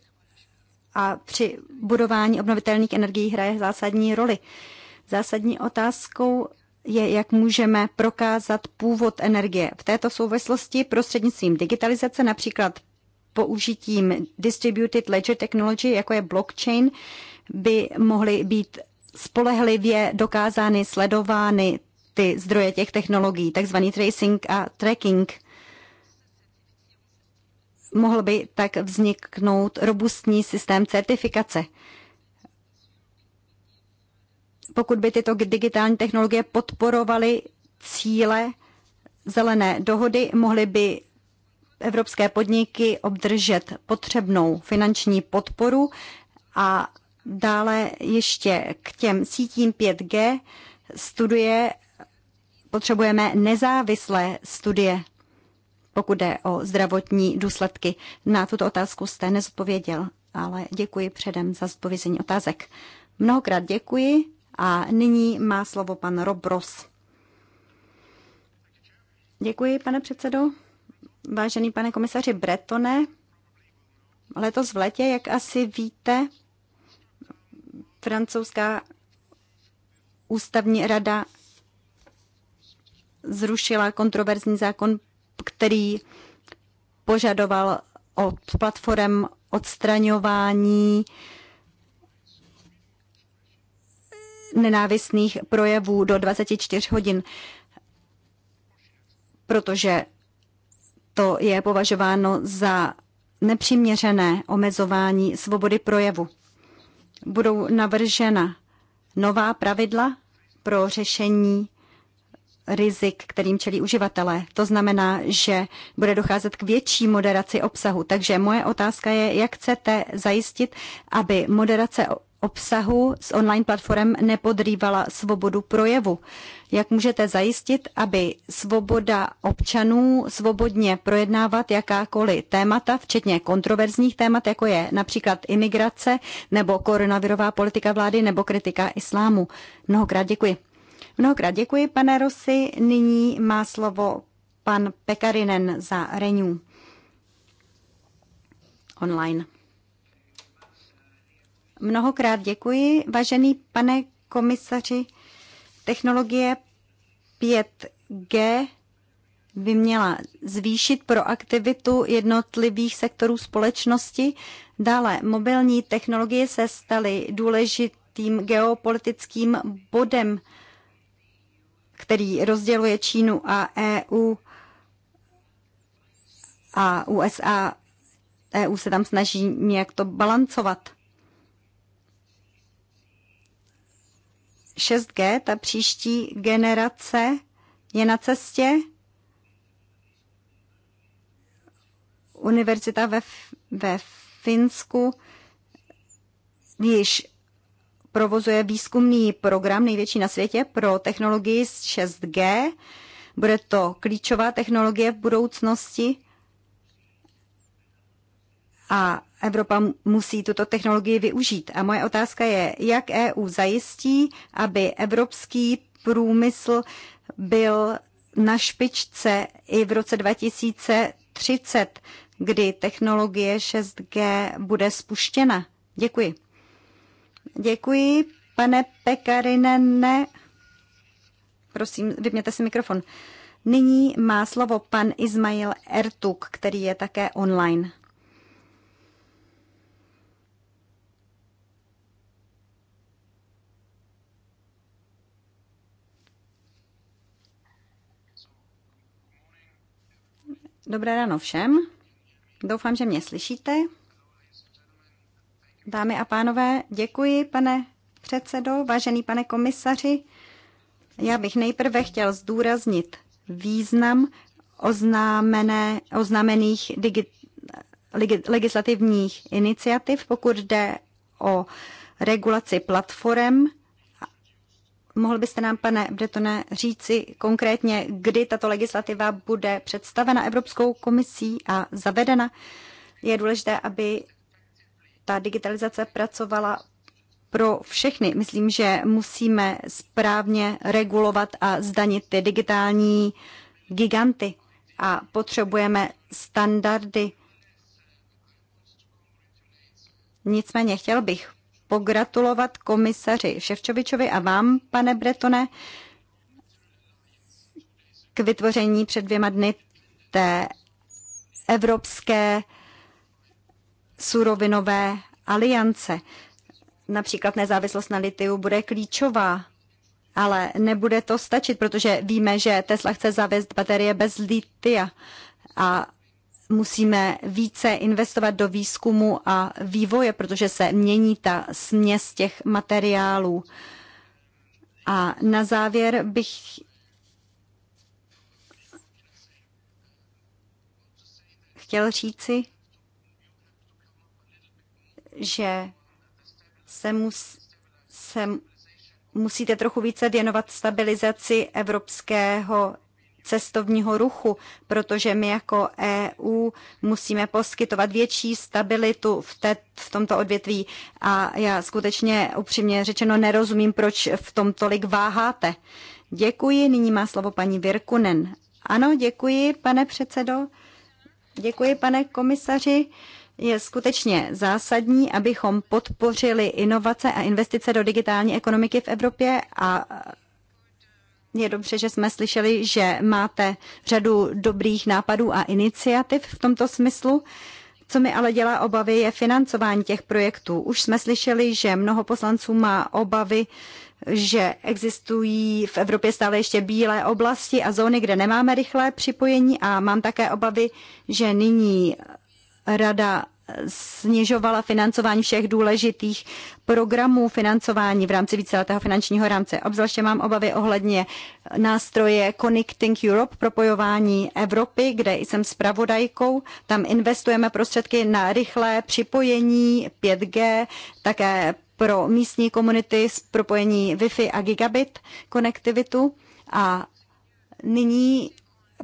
a při budování obnovitelných energií hraje zásadní roli. Zásadní otázkou je, jak můžeme prokázat původ energie. V této souvislosti prostřednictvím digitalizace, například použitím distributed ledger technology, jako je blockchain, by mohly být spolehlivě dokázány, sledovány ty zdroje těch technologií, takzvaný tracing a tracking. Mohl by tak vzniknout robustní systém certifikace pokud by tyto digitální technologie podporovaly cíle zelené dohody, mohly by evropské podniky obdržet potřebnou finanční podporu a dále ještě k těm sítím 5G studie potřebujeme nezávislé studie, pokud jde o zdravotní důsledky. Na tuto otázku jste nezodpověděl, ale děkuji předem za zpovězení otázek. Mnohokrát děkuji a nyní má slovo pan Robros. Děkuji, pane předsedo. Vážený pane komisaři Bretone, letos v letě, jak asi víte, francouzská ústavní rada zrušila kontroverzní zákon, který požadoval od platform odstraňování uh, nenávistných projevů do 24 hodin, protože to je považováno za nepřiměřené omezování svobody projevu. Budou navržena nová pravidla pro řešení rizik, kterým čelí uživatelé. To znamená, že bude docházet k větší moderaci obsahu. Takže moje otázka je, jak chcete zajistit, aby moderace obsahu z online platform nepodrývala svobodu projevu. Jak můžete zajistit, aby svoboda občanů svobodně projednávat jakákoliv témata, včetně kontroverzních témat, jako je například imigrace nebo koronavirová politika vlády nebo kritika islámu? Mnohokrát děkuji. Mnohokrát děkuji, pane Rosy. Nyní má slovo pan Pekarinen za Renew online. Mnohokrát děkuji. Vážený pane komisaři, technologie 5G by měla zvýšit proaktivitu jednotlivých sektorů společnosti. Dále mobilní technologie se staly důležitým geopolitickým bodem, který rozděluje Čínu a EU a USA. EU se tam snaží nějak to balancovat. 6G, ta příští generace, je na cestě. Univerzita ve, ve Finsku již provozuje výzkumný program, největší na světě, pro technologii 6G. Bude to klíčová technologie v budoucnosti a Evropa musí tuto technologii využít. A moje otázka je, jak EU zajistí, aby evropský průmysl byl na špičce i v roce 2030, kdy technologie 6G bude spuštěna. Děkuji. Děkuji, pane Pekarinene. Prosím, vypněte si mikrofon. Nyní má slovo pan Ismail Ertuk, který je také online. Dobré ráno všem. Doufám, že mě slyšíte. Dámy a pánové, děkuji, pane předsedo, vážený pane komisaři. Já bych nejprve chtěl zdůraznit význam oznámené, oznámených digi, legislativních iniciativ, pokud jde o regulaci platform Mohl byste nám, pane Bretone, říci konkrétně, kdy tato legislativa bude představena Evropskou komisí a zavedena? Je důležité, aby ta digitalizace pracovala pro všechny. Myslím, že musíme správně regulovat a zdanit ty digitální giganty a potřebujeme standardy. Nicméně chtěl bych pogratulovat komisaři Ševčovičovi a vám, pane Bretone, k vytvoření před dvěma dny té evropské surovinové aliance. Například nezávislost na litiu bude klíčová, ale nebude to stačit, protože víme, že Tesla chce zavést baterie bez litia a musíme více investovat do výzkumu a vývoje, protože se mění ta směs těch materiálů. A na závěr bych chtěl říci, že se, mus, se musíte trochu více věnovat stabilizaci evropského cestovního ruchu, protože my jako EU musíme poskytovat větší stabilitu v, té, v tomto odvětví. A já skutečně upřímně řečeno nerozumím, proč v tom tolik váháte. Děkuji. Nyní má slovo paní Virkunen. Ano, děkuji, pane předsedo. Děkuji, pane komisaři. Je skutečně zásadní, abychom podpořili inovace a investice do digitální ekonomiky v Evropě a je dobře, že jsme slyšeli, že máte řadu dobrých nápadů a iniciativ v tomto smyslu. Co mi ale dělá obavy, je financování těch projektů. Už jsme slyšeli, že mnoho poslanců má obavy, že existují v Evropě stále ještě bílé oblasti a zóny, kde nemáme rychlé připojení a mám také obavy, že nyní rada snižovala financování všech důležitých programů financování v rámci víceletého finančního rámce. Obzvláště mám obavy ohledně nástroje Connecting Europe, propojování Evropy, kde jsem pravodajkou Tam investujeme prostředky na rychlé připojení 5G, také pro místní komunity s propojení Wi-Fi a gigabit konektivitu. A nyní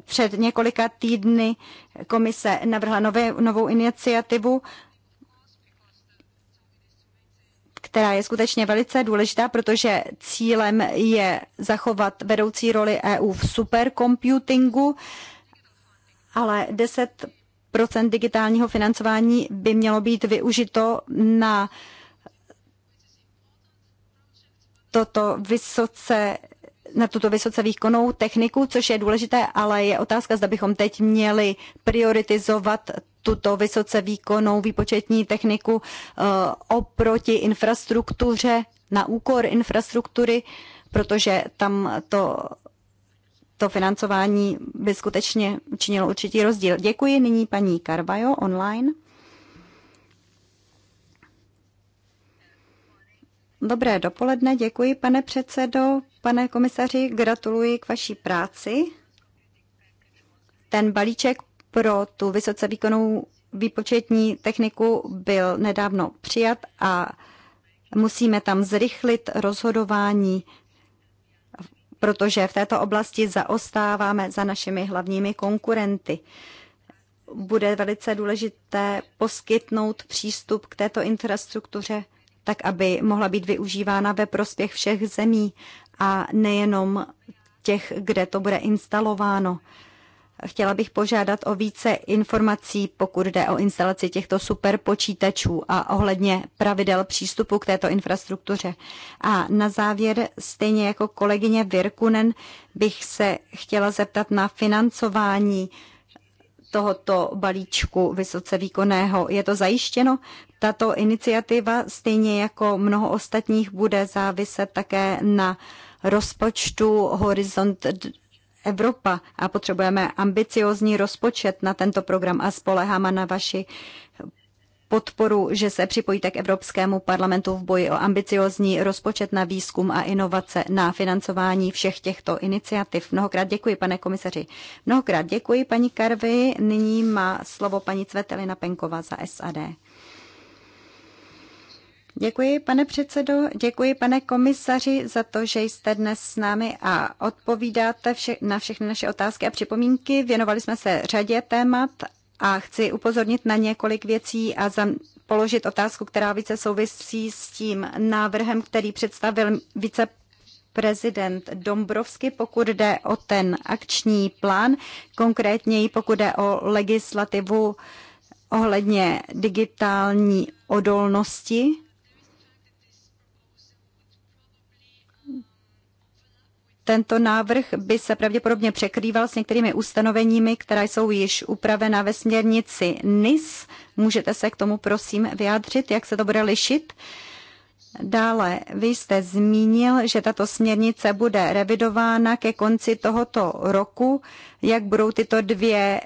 před několika týdny komise navrhla nové, novou iniciativu, která je skutečně velice důležitá, protože cílem je zachovat vedoucí roli EU v supercomputingu, ale 10 digitálního financování by mělo být využito na toto vysoce na tuto vysoce výkonnou techniku, což je důležité, ale je otázka, zda bychom teď měli prioritizovat tuto vysoce výkonnou výpočetní techniku eh, oproti infrastruktuře, na úkor infrastruktury, protože tam to, to financování by skutečně činilo určitý rozdíl. Děkuji nyní paní Carvajo online. Dobré dopoledne, děkuji pane předsedo, pane komisaři, gratuluji k vaší práci. Ten balíček pro tu vysoce výkonnou výpočetní techniku byl nedávno přijat a musíme tam zrychlit rozhodování, protože v této oblasti zaostáváme za našimi hlavními konkurenty bude velice důležité poskytnout přístup k této infrastruktuře tak aby mohla být využívána ve prospěch všech zemí a nejenom těch, kde to bude instalováno. Chtěla bych požádat o více informací, pokud jde o instalaci těchto superpočítačů a ohledně pravidel přístupu k této infrastruktuře. A na závěr, stejně jako kolegyně Virkunen, bych se chtěla zeptat na financování tohoto balíčku vysoce výkonného. Je to zajištěno? Tato iniciativa, stejně jako mnoho ostatních, bude záviset také na rozpočtu Horizont Evropa a potřebujeme ambiciozní rozpočet na tento program a spoleháme na vaši podporu, že se připojíte k Evropskému parlamentu v boji o ambiciozní rozpočet na výzkum a inovace na financování všech těchto iniciativ. Mnohokrát děkuji, pane komisaři. Mnohokrát děkuji, paní Karvy. Nyní má slovo paní Cvetelina Penková za SAD. Děkuji, pane předsedo, děkuji, pane komisaři, za to, že jste dnes s námi a odpovídáte vše, na všechny naše otázky a připomínky. Věnovali jsme se řadě témat a chci upozornit na několik věcí a za, položit otázku, která více souvisí s tím návrhem, který představil více prezident Dombrovsky, pokud jde o ten akční plán, konkrétněji pokud jde o legislativu ohledně digitální odolnosti Tento návrh by se pravděpodobně překrýval s některými ustanoveními, která jsou již upravena ve směrnici NIS. Můžete se k tomu prosím vyjádřit, jak se to bude lišit? Dále, vy jste zmínil, že tato směrnice bude revidována ke konci tohoto roku. Jak budou tyto dvě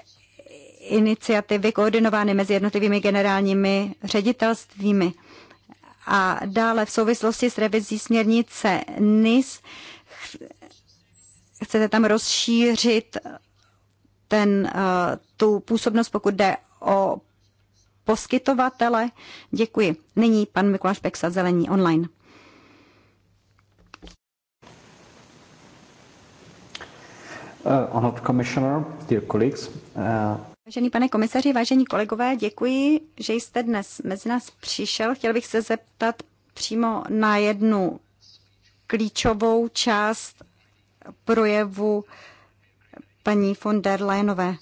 iniciativy koordinovány mezi jednotlivými generálními ředitelstvími? A dále v souvislosti s revizí směrnice NIS chcete tam rozšířit ten, eh, tu působnost, pokud jde o poskytovatele. Děkuji. Nyní pan Mikuláš Peksa, Zelení online. Eh, honored Commissioner, dear colleagues, eh, Vážený pane komisaři, vážení kolegové, děkuji, že jste dnes mezi nás přišel. Chtěl bych se zeptat přímo na jednu klíčovou část projevu paní von der Leyenové.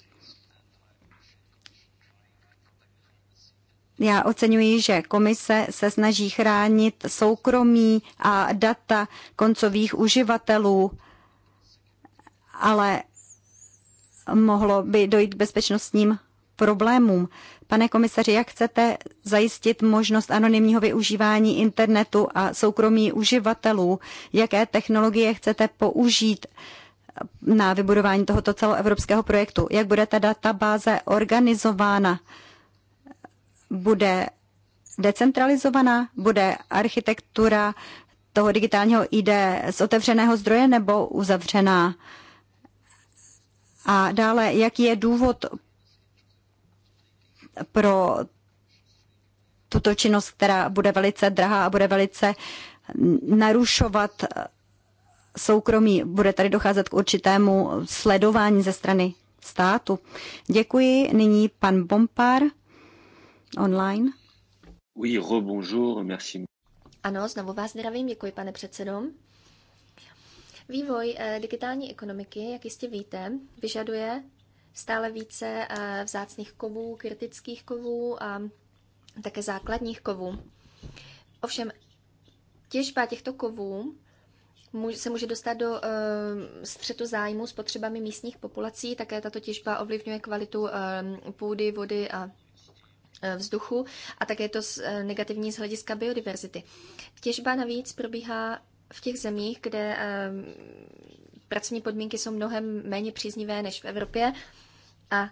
Já oceňuji, že komise se snaží chránit soukromí a data koncových uživatelů, ale mohlo by dojít k bezpečnostním problémům. Pane komisaři, jak chcete zajistit možnost anonymního využívání internetu a soukromí uživatelů? Jaké technologie chcete použít na vybudování tohoto celoevropského projektu? Jak bude ta databáze organizována? Bude decentralizovaná? Bude architektura toho digitálního ID z otevřeného zdroje nebo uzavřená? A dále, jaký je důvod pro tuto činnost, která bude velice drahá a bude velice narušovat soukromí. Bude tady docházet k určitému sledování ze strany státu. Děkuji. Nyní pan Bompár online. Oui, rebonjour, merci. Ano, znovu vás zdravím, děkuji pane předsedo. Vývoj eh, digitální ekonomiky, jak jistě víte, vyžaduje stále více eh, vzácných kovů, kritických kovů a také základních kovů. Ovšem, těžba těchto kovů se může dostat do eh, střetu zájmu s potřebami místních populací, také tato těžba ovlivňuje kvalitu eh, půdy, vody a vzduchu a také je to negativní z hlediska biodiverzity. Těžba navíc probíhá v těch zemích, kde pracovní podmínky jsou mnohem méně příznivé než v Evropě a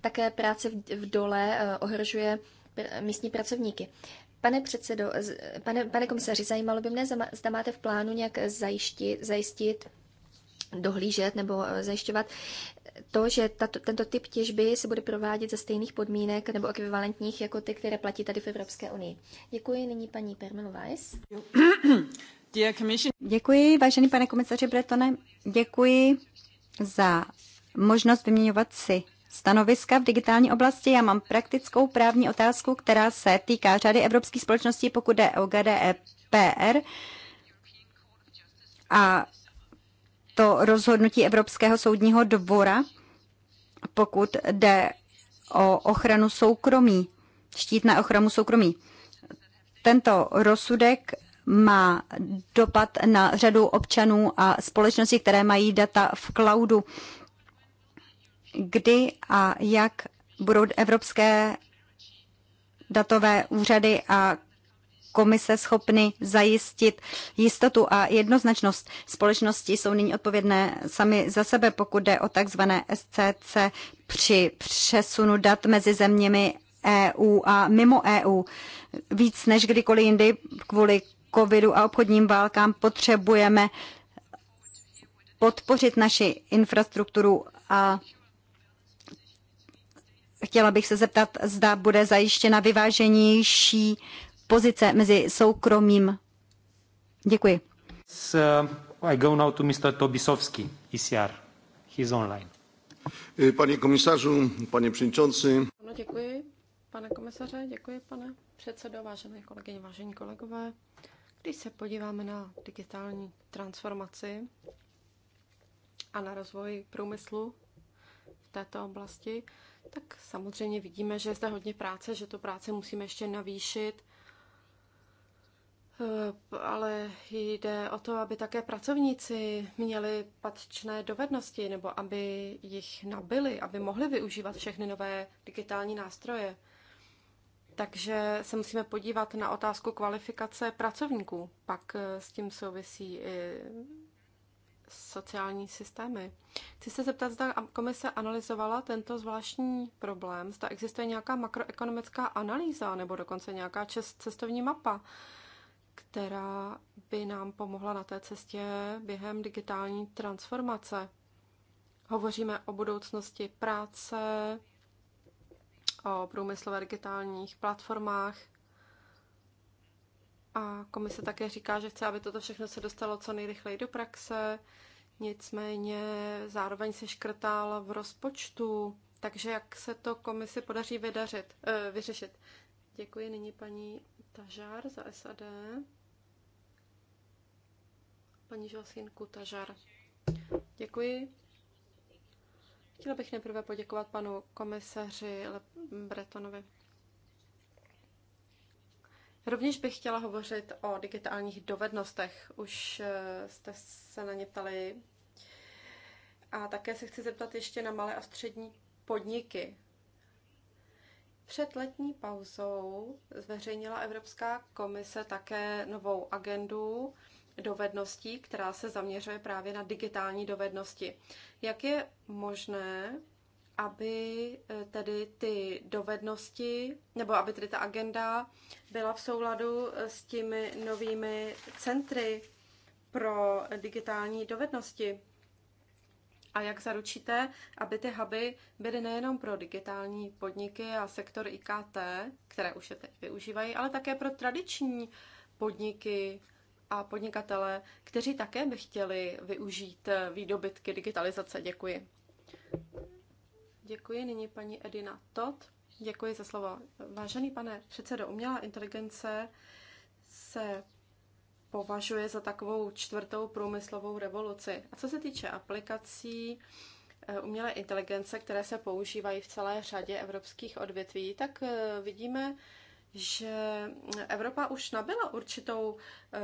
také práce v dole eh, ohrožuje místní pracovníky. Pane předsedo, pane, pane komisaři, zajímalo by mne, zda máte v plánu nějak zajištit, zajistit, dohlížet nebo eh, zajišťovat to, že tato, tento typ těžby se bude provádět za stejných podmínek nebo ekvivalentních jako ty, které platí tady v Evropské unii. Děkuji nyní paní Permel Weiss. Děkuji, vážený pane komisaři Bretone. Děkuji za možnost vyměňovat si stanoviska v digitální oblasti. Já mám praktickou právní otázku, která se týká řady evropských společností, pokud jde o GDPR e a to rozhodnutí Evropského soudního dvora, pokud jde o ochranu soukromí, štít na ochranu soukromí. Tento rozsudek má dopad na řadu občanů a společností, které mají data v cloudu. Kdy a jak budou evropské datové úřady a komise schopny zajistit jistotu a jednoznačnost. Společnosti jsou nyní odpovědné sami za sebe, pokud jde o takzvané SCC při přesunu dat mezi zeměmi EU a mimo EU. Víc než kdykoliv jindy kvůli covidu a obchodním válkám potřebujeme podpořit naši infrastrukturu a chtěla bych se zeptat, zda bude zajištěna vyváženější pozice mezi soukromým. Děkuji. S, uh, I go now to Mr. Tobisovsky, ECR. He's online. Eh, panie komisarzu, panie przewodniczący. No, děkuji, pane komisaře, děkuji, pane předsedo, vážené kolegyně, vážení kolegové. Když se podíváme na digitální transformaci a na rozvoj průmyslu v této oblasti, tak samozřejmě vidíme, že je zde hodně práce, že tu práci musíme ještě navýšit, eh, ale jde o to, aby také pracovníci měli patřičné dovednosti nebo aby jich nabili, aby mohli využívat všechny nové digitální nástroje. Takže se musíme podívat na otázku kvalifikace pracovníků. Pak eh, s tím souvisí i sociální systémy. Chci se zeptat, zda komise analyzovala tento zvláštní problém, zda existuje nějaká makroekonomická analýza nebo dokonce nějaká cestovní mapa, která by nám pomohla na té cestě během digitální transformace. Hovoříme o budoucnosti práce, o průmyslové digitálních platformách. A komise také říká, že chce, aby toto všechno se dostalo co nejrychleji do praxe, nicméně zároveň se škrtal v rozpočtu, takže jak se to komisi podaří vydařit, eh, vyřešit. Děkuji nyní paní Tažár za SAD. Paní Žosinku Tažár. Děkuji. Chtěla bych nejprve poděkovat panu komisaři Bretonovi. Rovněž bych chtěla hovořit o digitálních dovednostech. Už eh, jste se na ně ptali. A také se chci zeptat ještě na malé a střední podniky. Před letní pauzou zveřejnila Evropská komise také novou agendu dovedností, která se zaměřuje právě na digitální dovednosti. Jak je možné, aby eh, tedy ty dovednosti, nebo aby tedy ta agenda byla v souladu eh, s těmi novými centry pro digitální dovednosti? A jak zaručíte, aby ty huby byly nejenom pro digitální podniky a sektor IKT, které už je teď využívají, ale také pro tradiční podniky, a podnikatele, kteří také by chtěli využít eh, výdobytky digitalizace. Děkuji. Děkuji nyní paní Edina Tot. Děkuji za slovo. Vážený pane předsedo, umělá inteligence se považuje za takovou čtvrtou průmyslovou revoluci. A co se týče aplikací eh, umělé inteligence, které se používají v celé řadě evropských odvětví, tak eh, vidíme, že Evropa už nabyla určitou eh,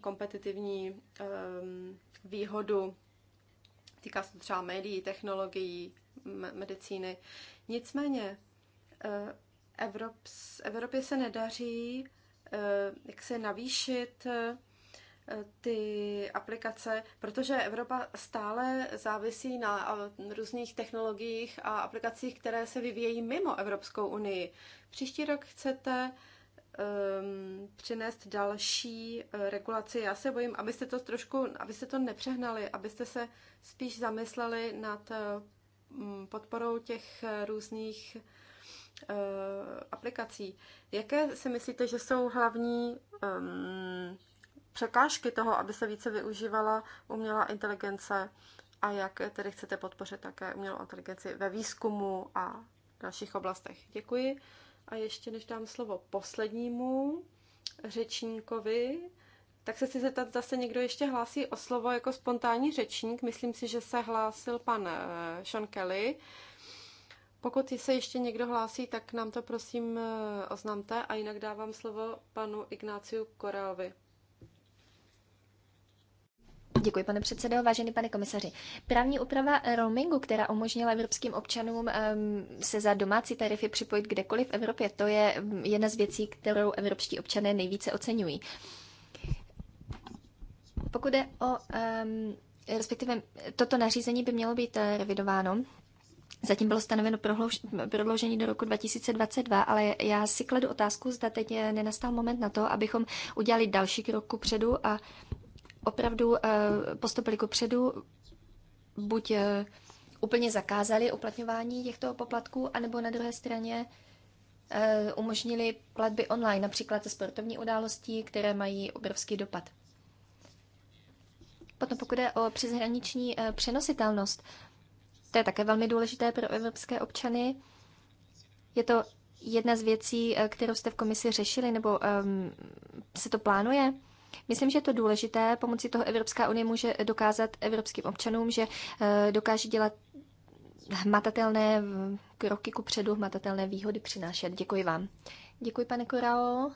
kompetitivní ehm, výhodu. Týká se třeba médií, technologií, medicíny. Nicméně eh, Evropě se nedaří eh, jak se navýšit ty aplikace, protože Evropa stále závisí na různých technologiích a aplikacích, které se vyvíjejí mimo Evropskou unii. Příští rok chcete um, přinést další uh, regulaci. Já se bojím, abyste to trošku, abyste to nepřehnali, abyste se spíš zamysleli nad uh, mm, podporou těch uh, různých aplikací. Jaké si myslíte, že jsou hlavní um, překážky toho, aby se více využívala umělá inteligence a jak tedy chcete podpořit také umělou inteligenci ve výzkumu a dalších oblastech. Děkuji. A ještě než dám slovo poslednímu řečníkovi, tak se chci zeptat, zase někdo ještě hlásí o slovo jako spontánní řečník. Myslím si, že se hlásil pan eh, Sean Kelly. Pokud se ještě někdo hlásí, tak nám to prosím eh, oznamte a jinak dávám slovo panu Ignáciu Koreovi. Děkuji, pane předsedo. Vážený pane komisaři, právní úprava roamingu, která umožnila evropským občanům ehm, se za domácí tarify připojit kdekoliv v Evropě, to je ehm, jedna z věcí, kterou evropští občané nejvíce oceňují. Pokud je o, um, respektive toto nařízení by mělo být eh, revidováno, Zatím bylo stanoveno prodloužení do roku 2022, ale já si kladu otázku, zda teď eh, nenastal moment na to, abychom udělali další krok ku předu a opravdu eh, postupili ku předu, buď eh, úplně zakázali uplatňování těchto poplatků, anebo na druhé straně eh, umožnili platby online, například za sportovní události, které mají obrovský dopad. Potom pokud je o přeshraniční přenositelnost, to je také velmi důležité pro evropské občany. Je to jedna z věcí, kterou jste v komisi řešili, nebo um, se to plánuje? Myslím, že je to důležité. Pomocí toho Evropská unie může dokázat evropským občanům, že eh, dokáže dělat hmatatelné kroky ku předu, hmatatelné výhody přinášet. Děkuji vám. Děkuji, pane Korao.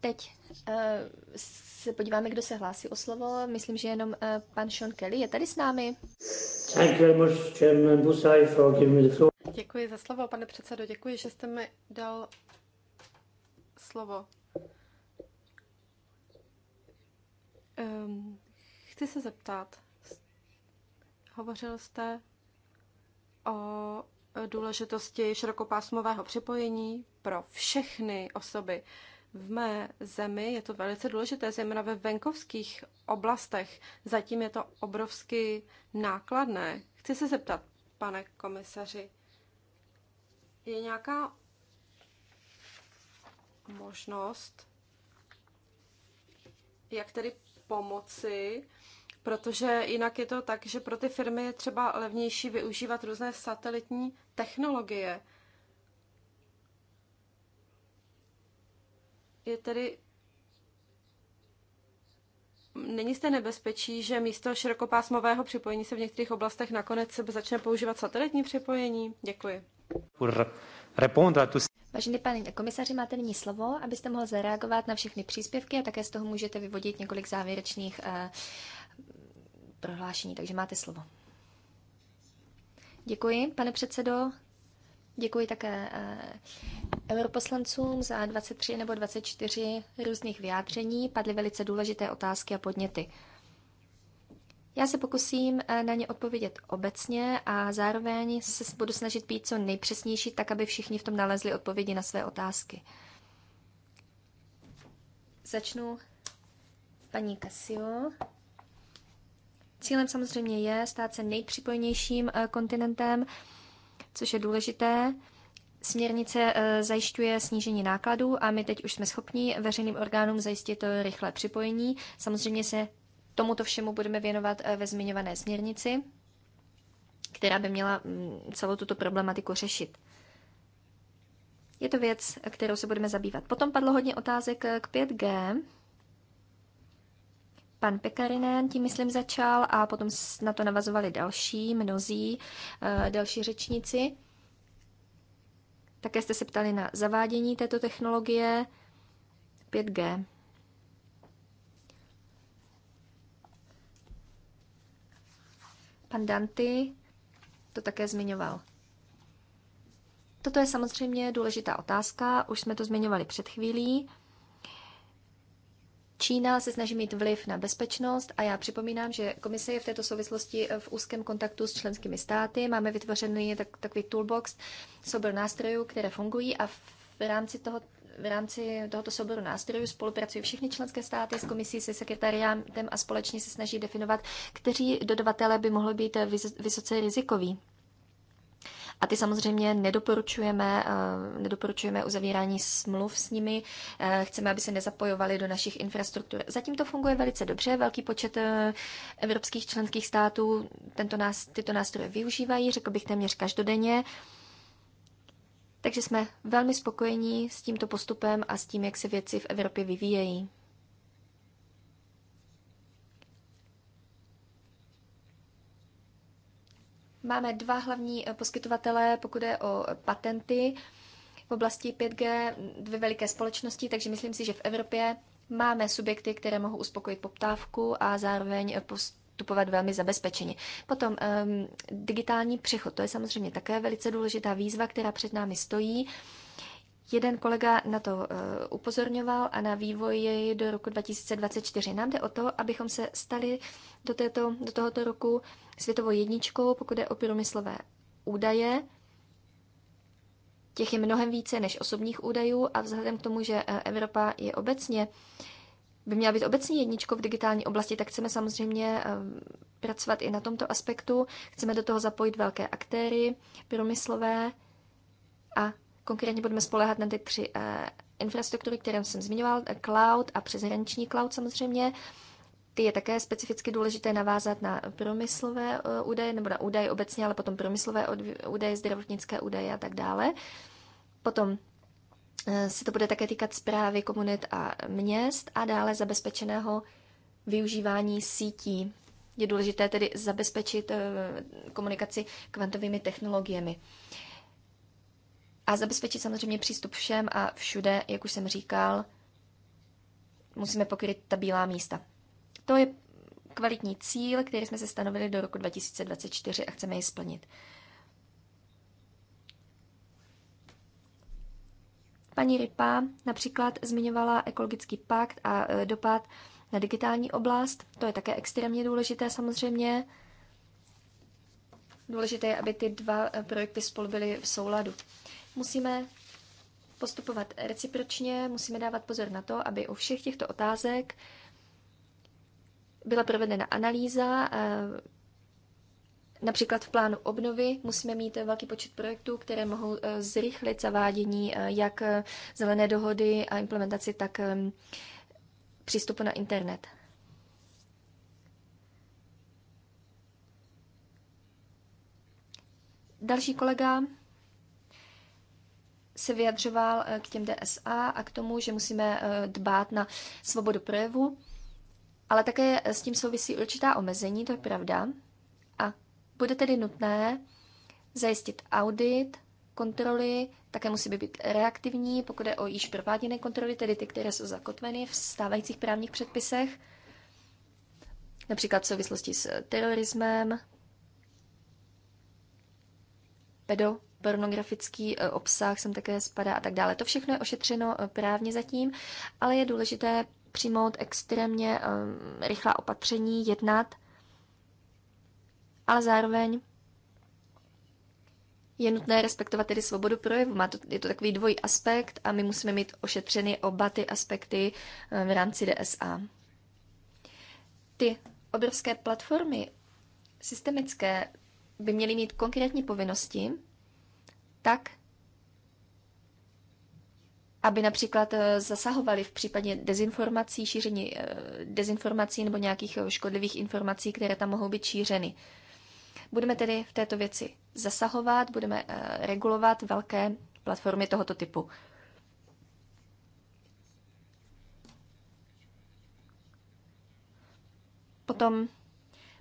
Teď eh, se podíváme, kdo se hlásí o slovo. Myslím, že jenom eh, pan Sean Kelly je tady s námi. Děkuji za slovo, pane předsedo. Děkuji, že jste mi dal slovo. Um, chci se zeptat, hovořil jste o důležitosti širokopásmového připojení pro všechny osoby. V mé zemi je to velice důležité, zejména ve venkovských oblastech. Zatím je to obrovsky nákladné. Chci se zeptat, pane komisaři, je nějaká možnost, jak tedy pomoci, protože jinak je to tak, že pro ty firmy je třeba levnější využívat různé satelitní technologie. Je tedy Není zde nebezpečí, že místo širokopásmového připojení se v některých oblastech nakonec začne používat satelitní připojení? Děkuji. Vážený pane komisaři, máte nyní slovo, abyste mohl zareagovat na všechny příspěvky a také z toho můžete vyvodit několik závěrečných uh, prohlášení. Takže máte slovo. Děkuji, pane předsedo. Děkuji také uh, europoslancům za 23 nebo 24 různých vyjádření. Padly velice důležité otázky a podněty. Já se pokusím eh, na ně odpovědět obecně a zároveň se budu snažit být co nejpřesnější, tak aby všichni v tom nalezli odpovědi na své otázky. Začnu paní Casio. Cílem samozřejmě je stát se nejpřipojnějším eh, kontinentem, což je důležité. Směrnice eh, zajišťuje snížení nákladů a my teď už jsme schopni veřejným orgánům zajistit rychlé připojení. Samozřejmě se Tomuto všemu budeme věnovat eh, ve zmiňované směrnici, která by měla mm, celou tuto problematiku řešit. Je to věc, kterou se budeme zabývat. Potom padlo hodně otázek eh, k 5G. Pan Pekarinen tím, myslím, začal a potom na to navazovali další, mnozí, eh, další řečníci. Také jste se ptali na zavádění této technologie 5G. Pan Danty to také zmiňoval. Toto je samozřejmě důležitá otázka, už jsme to zmiňovali před chvílí. Čína se snaží mít vliv na bezpečnost a já připomínám, že komise je v této souvislosti v úzkém kontaktu s členskými státy. Máme vytvořený tak, takový toolbox, soubor nástrojů, které fungují a v rámci toho, v rámci tohoto souboru nástrojů spolupracují všechny členské státy s komisí, se sekretariátem a společně se snaží definovat, kteří dodavatele by mohli být vysoce rizikoví. A ty samozřejmě nedoporučujeme, eh, nedoporučujeme uzavírání smluv s nimi, eh, chceme, aby se nezapojovali do našich infrastruktur. Zatím to funguje velice dobře, velký počet eh, evropských členských států tento nás, tyto nástroje využívají, řekl bych téměř každodenně. Takže jsme velmi spokojení s tímto postupem a s tím, jak se věci v Evropě vyvíjejí. Máme dva hlavní eh, poskytovatele, pokud je o eh, patenty v oblasti 5G, dvě veliké společnosti, takže myslím si, že v Evropě máme subjekty, které mohou uspokojit poptávku a zároveň eh, postupovat velmi zabezpečeně. Potom um, digitální přechod, to je samozřejmě také velice důležitá výzva, která před námi stojí. Jeden kolega na to uh, upozorňoval a na vývoji do roku 2024. Nám jde o to, abychom se stali do, této, do tohoto roku světovou jedničkou, pokud je o průmyslové údaje. Těch je mnohem více než osobních údajů a vzhledem k tomu, že eh, Evropa je obecně uh, by měla být obecně jedničkou v digitální oblasti, tak chceme samozřejmě ehm, pracovat i na tomto aspektu. Chceme do toho zapojit velké aktéry, průmyslové a konkrétně budeme spolehat na ty tři eh, infrastruktury, které jsem zmiňoval, eh, cloud a přeshraniční cloud samozřejmě. Ty je také specificky důležité navázat na průmyslové eh, údaje nebo na údaje obecně, ale potom průmyslové údaje, zdravotnické údaje a tak dále. Potom Eh, se to bude také týkat zprávy komunit a měst a dále zabezpečeného využívání sítí. Je důležité tedy zabezpečit eh, komunikaci kvantovými technologiemi. A zabezpečit samozřejmě přístup všem a všude, jak už jsem říkal, musíme pokryt ta bílá místa. To je kvalitní cíl, který jsme se stanovili do roku 2024 a chceme ji splnit. Paní Ripa například zmiňovala ekologický pakt a e, dopad na digitální oblast. To je také extrémně důležité samozřejmě. Důležité je, aby ty dva e, projekty spolu byly v souladu. Musíme postupovat recipročně, musíme dávat pozor na to, aby u všech těchto otázek byla provedena analýza, e, Například v plánu obnovy musíme mít velký počet projektů, které mohou eh, zrychlit zavádění eh, jak eh, zelené dohody a implementaci, tak ehm, přístupu na internet. Další kolega se vyjadřoval k těm DSA a k tomu, že musíme dbát na svobodu projevu, ale také s tím souvisí určitá omezení, to je pravda. Bude tedy nutné zajistit audit, kontroly, také musí být reaktivní, pokud je o již prováděné kontroly, tedy ty, které jsou zakotveny v stávajících právních předpisech, například v souvislosti s terorismem, pedo, pornografický e, obsah sem také spadá a tak dále. To všechno je ošetřeno e, právně zatím, ale je důležité přijmout extrémně e, rychlá opatření, jednat ale zároveň je nutné respektovat tedy svobodu projevu. Má to, je to takový dvojí aspekt a my musíme mít ošetřeny oba ty aspekty eh, v rámci DSA. Ty obrovské platformy systemické by měly mít konkrétní povinnosti, tak, aby například eh, zasahovali v případě dezinformací, šíření eh, dezinformací nebo nějakých škodlivých informací, které tam mohou být šířeny. Budeme tedy v této věci zasahovat, budeme eh, regulovat velké platformy tohoto typu. Potom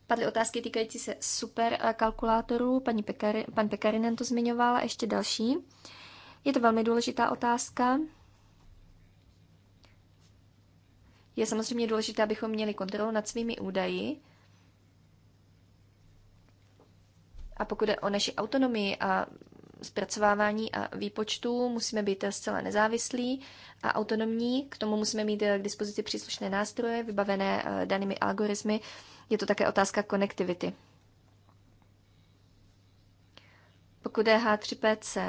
padly otázky týkající se superkalkulátorů. Paní Pekari, pan Pekarinen to zmiňoval a ještě další. Je to velmi důležitá otázka. Je samozřejmě důležité, abychom měli kontrolu nad svými údaji, A pokud je o naši autonomii a zpracovávání a výpočtu musíme být zcela nezávislí a autonomní. K tomu musíme mít eh, k dispozici příslušné nástroje vybavené eh, danými algoritmy. Je to také otázka konektivity. Pokud je H3PC,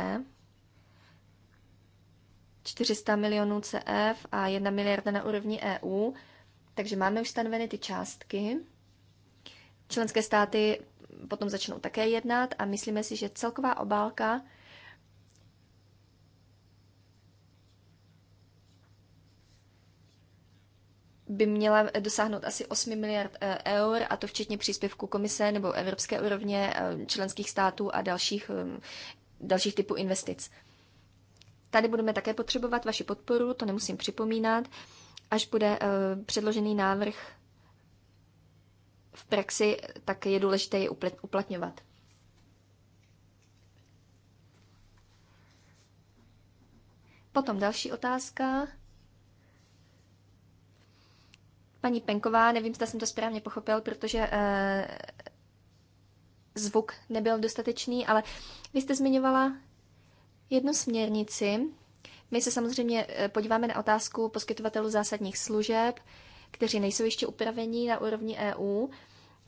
400 milionů CF a 1 miliarda na úrovni EU, takže máme už stanoveny ty částky. Členské státy potom začnou také jednat a myslíme si, že celková obálka by měla dosáhnout asi 8 miliard eh, eur, a to včetně příspěvku komise nebo evropské úrovně eh, členských států a dalších, eh, dalších typů investic. Tady budeme také potřebovat vaši podporu, to nemusím připomínat, až bude předložený návrh v praxi, tak je důležité je uplatňovat. Potom další otázka. Paní Penková, nevím, zda jsem to správně pochopil, protože e, zvuk nebyl dostatečný, ale vy jste zmiňovala jednu směrnici. My se samozřejmě eh, podíváme na otázku poskytovatelů zásadních služeb kteří nejsou ještě upraveni na úrovni EU,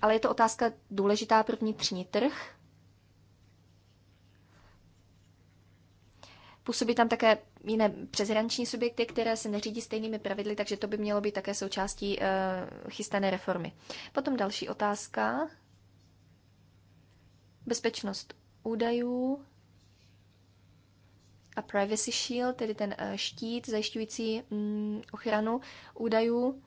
ale je to otázka důležitá pro vnitřní trh. Působí tam také jiné přeshraniční subjekty, které se neřídí stejnými pravidly, takže to by mělo být také součástí uh, chystané reformy. Potom další otázka. Bezpečnost údajů a Privacy Shield, tedy ten eh, štít zajišťující mm, ochranu údajů.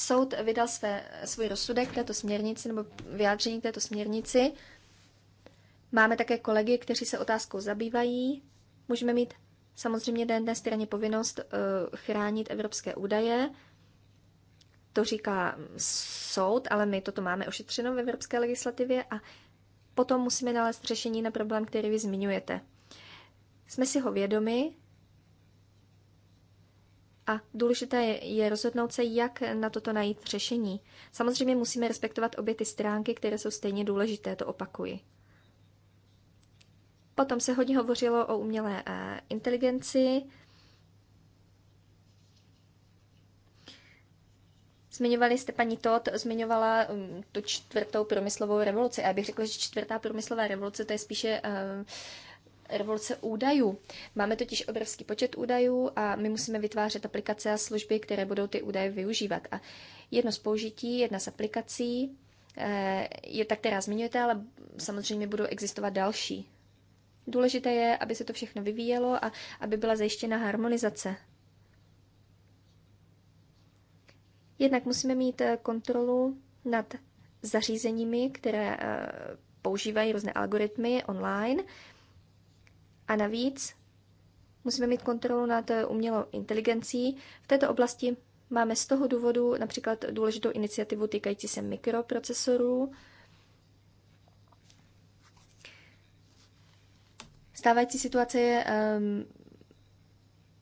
Soud vydal své, svůj rozsudek této směrnici nebo vyjádření této směrnici. Máme také kolegy, kteří se otázkou zabývají. Můžeme mít samozřejmě na jedné straně povinnost uh, chránit evropské údaje. To říká soud, ale my toto máme ošetřeno v evropské legislativě a potom musíme nalézt řešení na problém, který vy zmiňujete. Jsme si ho vědomi, a důležité je rozhodnout se, jak na toto najít řešení. Samozřejmě musíme respektovat obě ty stránky, které jsou stejně důležité, to opakuji. Potom se hodně hovořilo o umělé eh, inteligenci. Zmiňovali jste paní Todd, zmiňovala mm, tu čtvrtou průmyslovou revoluci. A já bych řekla, že čtvrtá průmyslová revoluce to je spíše eh, revoluce údajů. Máme totiž obrovský počet údajů a my musíme vytvářet aplikace a služby, které budou ty údaje využívat. A jedno z použití, jedna z aplikací eh, je ta, která zmiňujete, ale samozřejmě budou existovat další. Důležité je, aby se to všechno vyvíjelo a aby byla zajištěna harmonizace. Jednak musíme mít eh, kontrolu nad zařízeními, které eh, používají různé algoritmy online, a navíc musíme mít kontrolu nad umělou inteligencí. V této oblasti máme z toho důvodu například důležitou iniciativu týkající se mikroprocesorů. Stávající situace je um,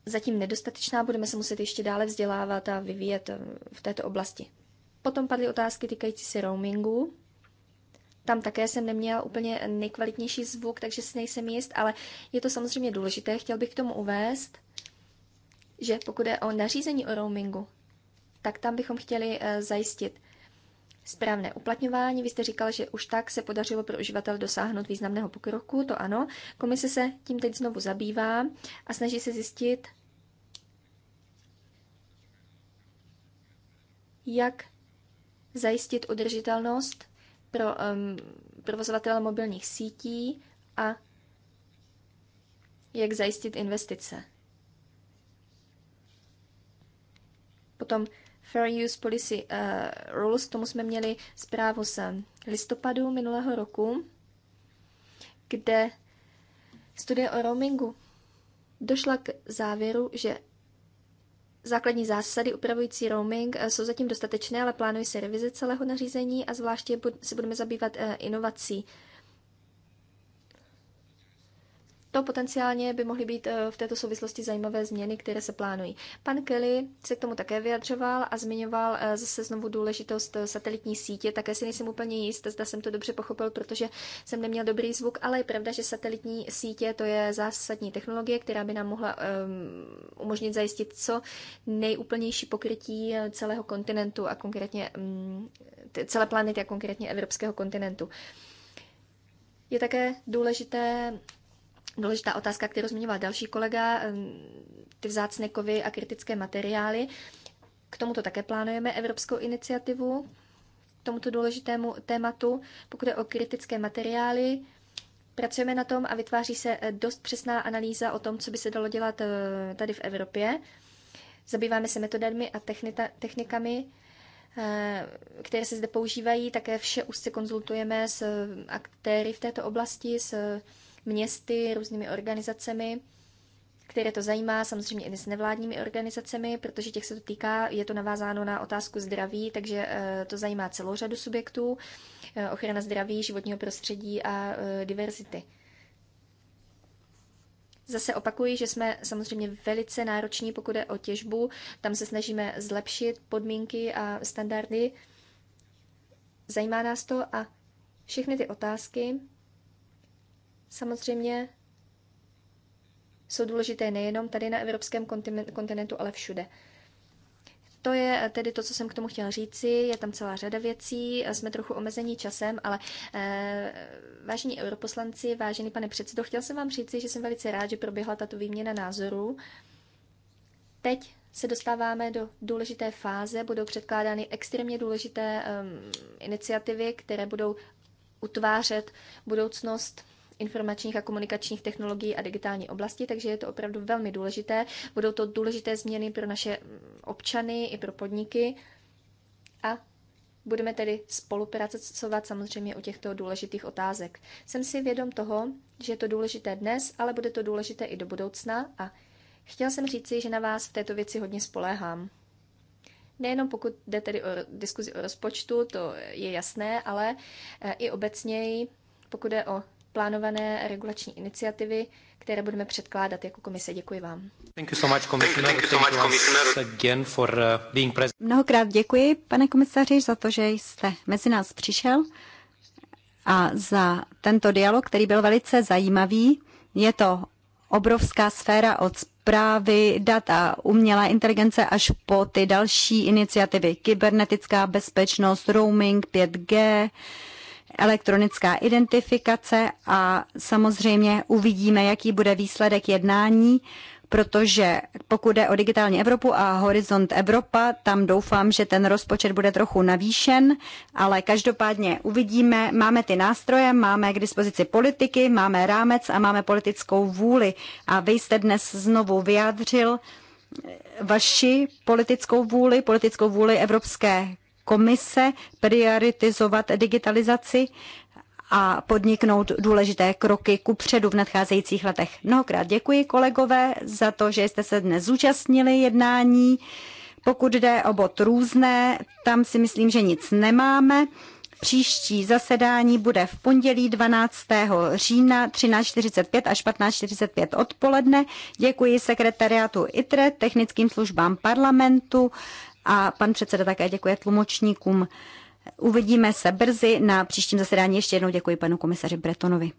zatím nedostatečná, budeme se muset ještě dále vzdělávat a vyvíjet ehm, v této oblasti. Potom padly otázky týkající se roamingu tam také jsem neměla úplně nejkvalitnější zvuk, takže si nejsem jist, ale je to samozřejmě důležité. Chtěl bych k tomu uvést, že pokud je o nařízení o roamingu, tak tam bychom chtěli eh, zajistit správné uplatňování. Vy jste říkal, že už tak se podařilo pro uživatel dosáhnout významného pokroku, to ano. Komise se tím teď znovu zabývá a snaží se zjistit, jak zajistit udržitelnost pro um, provozovatele mobilních sítí a jak zajistit investice. Potom Fair Use Policy uh, Rules, tomu jsme měli zprávu z listopadu minulého roku, kde studie o roamingu došla k závěru, že Základní zásady upravující roaming eh, jsou zatím dostatečné, ale plánují se revize celého nařízení a zvláště se budeme zabývat eh, inovací. To potenciálně by mohly být eh, v této souvislosti zajímavé změny, které se plánují. Pan Kelly se k tomu také vyjadřoval a zmiňoval eh, zase znovu důležitost eh, satelitní sítě. Také si nejsem úplně jist, zda jsem to dobře pochopil, protože jsem neměl dobrý zvuk, ale je pravda, že satelitní sítě to je zásadní technologie, která by nám mohla ehm, umožnit zajistit co nejúplnější pokrytí celého kontinentu a konkrétně mm, celé planety a konkrétně evropského kontinentu. Je také důležité důležitá otázka, kterou zmiňoval další kolega, ty vzácné kovy a kritické materiály. K tomuto také plánujeme evropskou iniciativu, k tomuto důležitému tématu. Pokud je o kritické materiály, pracujeme na tom a vytváří se eh, dost přesná analýza o tom, co by se dalo dělat eh, tady v Evropě. Zabýváme se metodami a technikami, eh, které se zde používají. Také vše už se konzultujeme s aktéry v této oblasti, s městy, různými organizacemi, které to zajímá, samozřejmě i s nevládními organizacemi, protože těch se to týká, je to navázáno na otázku zdraví, takže eh, to zajímá celou řadu subjektů, eh, ochrana zdraví, životního prostředí a eh, diverzity. Zase opakuji, že jsme samozřejmě velice nároční, pokud je o těžbu. Tam se snažíme zlepšit podmínky a standardy. Zajímá nás to a všechny ty otázky samozřejmě jsou důležité nejenom tady na evropském kontinentu, ale všude. To je eh, tedy to, co jsem k tomu chtěla říci. Je tam celá řada věcí, eh, jsme trochu omezení časem, ale eh, vážení europoslanci, vážený pane předsedo, chtěl jsem vám říci, že jsem velice rád, že proběhla tato výměna názorů. Teď se dostáváme do důležité fáze, budou předkládány extrémně důležité eh, iniciativy, které budou utvářet budoucnost informačních a komunikačních technologií a digitální oblasti, takže je to opravdu velmi důležité. Budou to důležité změny pro naše mm, občany i pro podniky a budeme tedy spolupracovat samozřejmě o těchto důležitých otázek. Jsem si vědom toho, že je to důležité dnes, ale bude to důležité i do budoucna a chtěl jsem říci, že na vás v této věci hodně spoléhám. Nejenom pokud jde tedy o diskuzi o rozpočtu, to je jasné, ale eh, i obecněji, pokud jde o plánované regulační iniciativy, které budeme předkládat jako komise. Děkuji vám. Uh, Mnohokrát děkuji, pane komisaři, za to, že jste mezi nás přišel a za tento dialog, který byl velice zajímavý. Je to obrovská sféra od zprávy a umělá inteligence až po ty další iniciativy, kybernetická bezpečnost, roaming, 5G, elektronická identifikace a samozřejmě uvidíme, jaký bude výsledek jednání, protože pokud jde o digitální Evropu a Horizont Evropa, tam doufám, že ten rozpočet bude trochu navýšen, ale každopádně uvidíme, máme ty nástroje, máme k dispozici politiky, máme rámec a máme politickou vůli. A vy jste dnes znovu vyjádřil, vaši politickou vůli, politickou vůli Evropské komise prioritizovat digitalizaci a podniknout důležité kroky ku předu v nadcházejících letech. Mnohokrát děkuji kolegové za to, že jste se dnes zúčastnili jednání. Pokud jde o bod různé, tam si myslím, že nic nemáme. Příští zasedání bude v pondělí 12. října 13.45 až 15.45 odpoledne. Děkuji sekretariátu ITRE, technickým službám parlamentu a pan předseda také děkuje tlumočníkům. Uvidíme se brzy na příštím zasedání. Ještě jednou děkuji panu komisaři Bretonovi.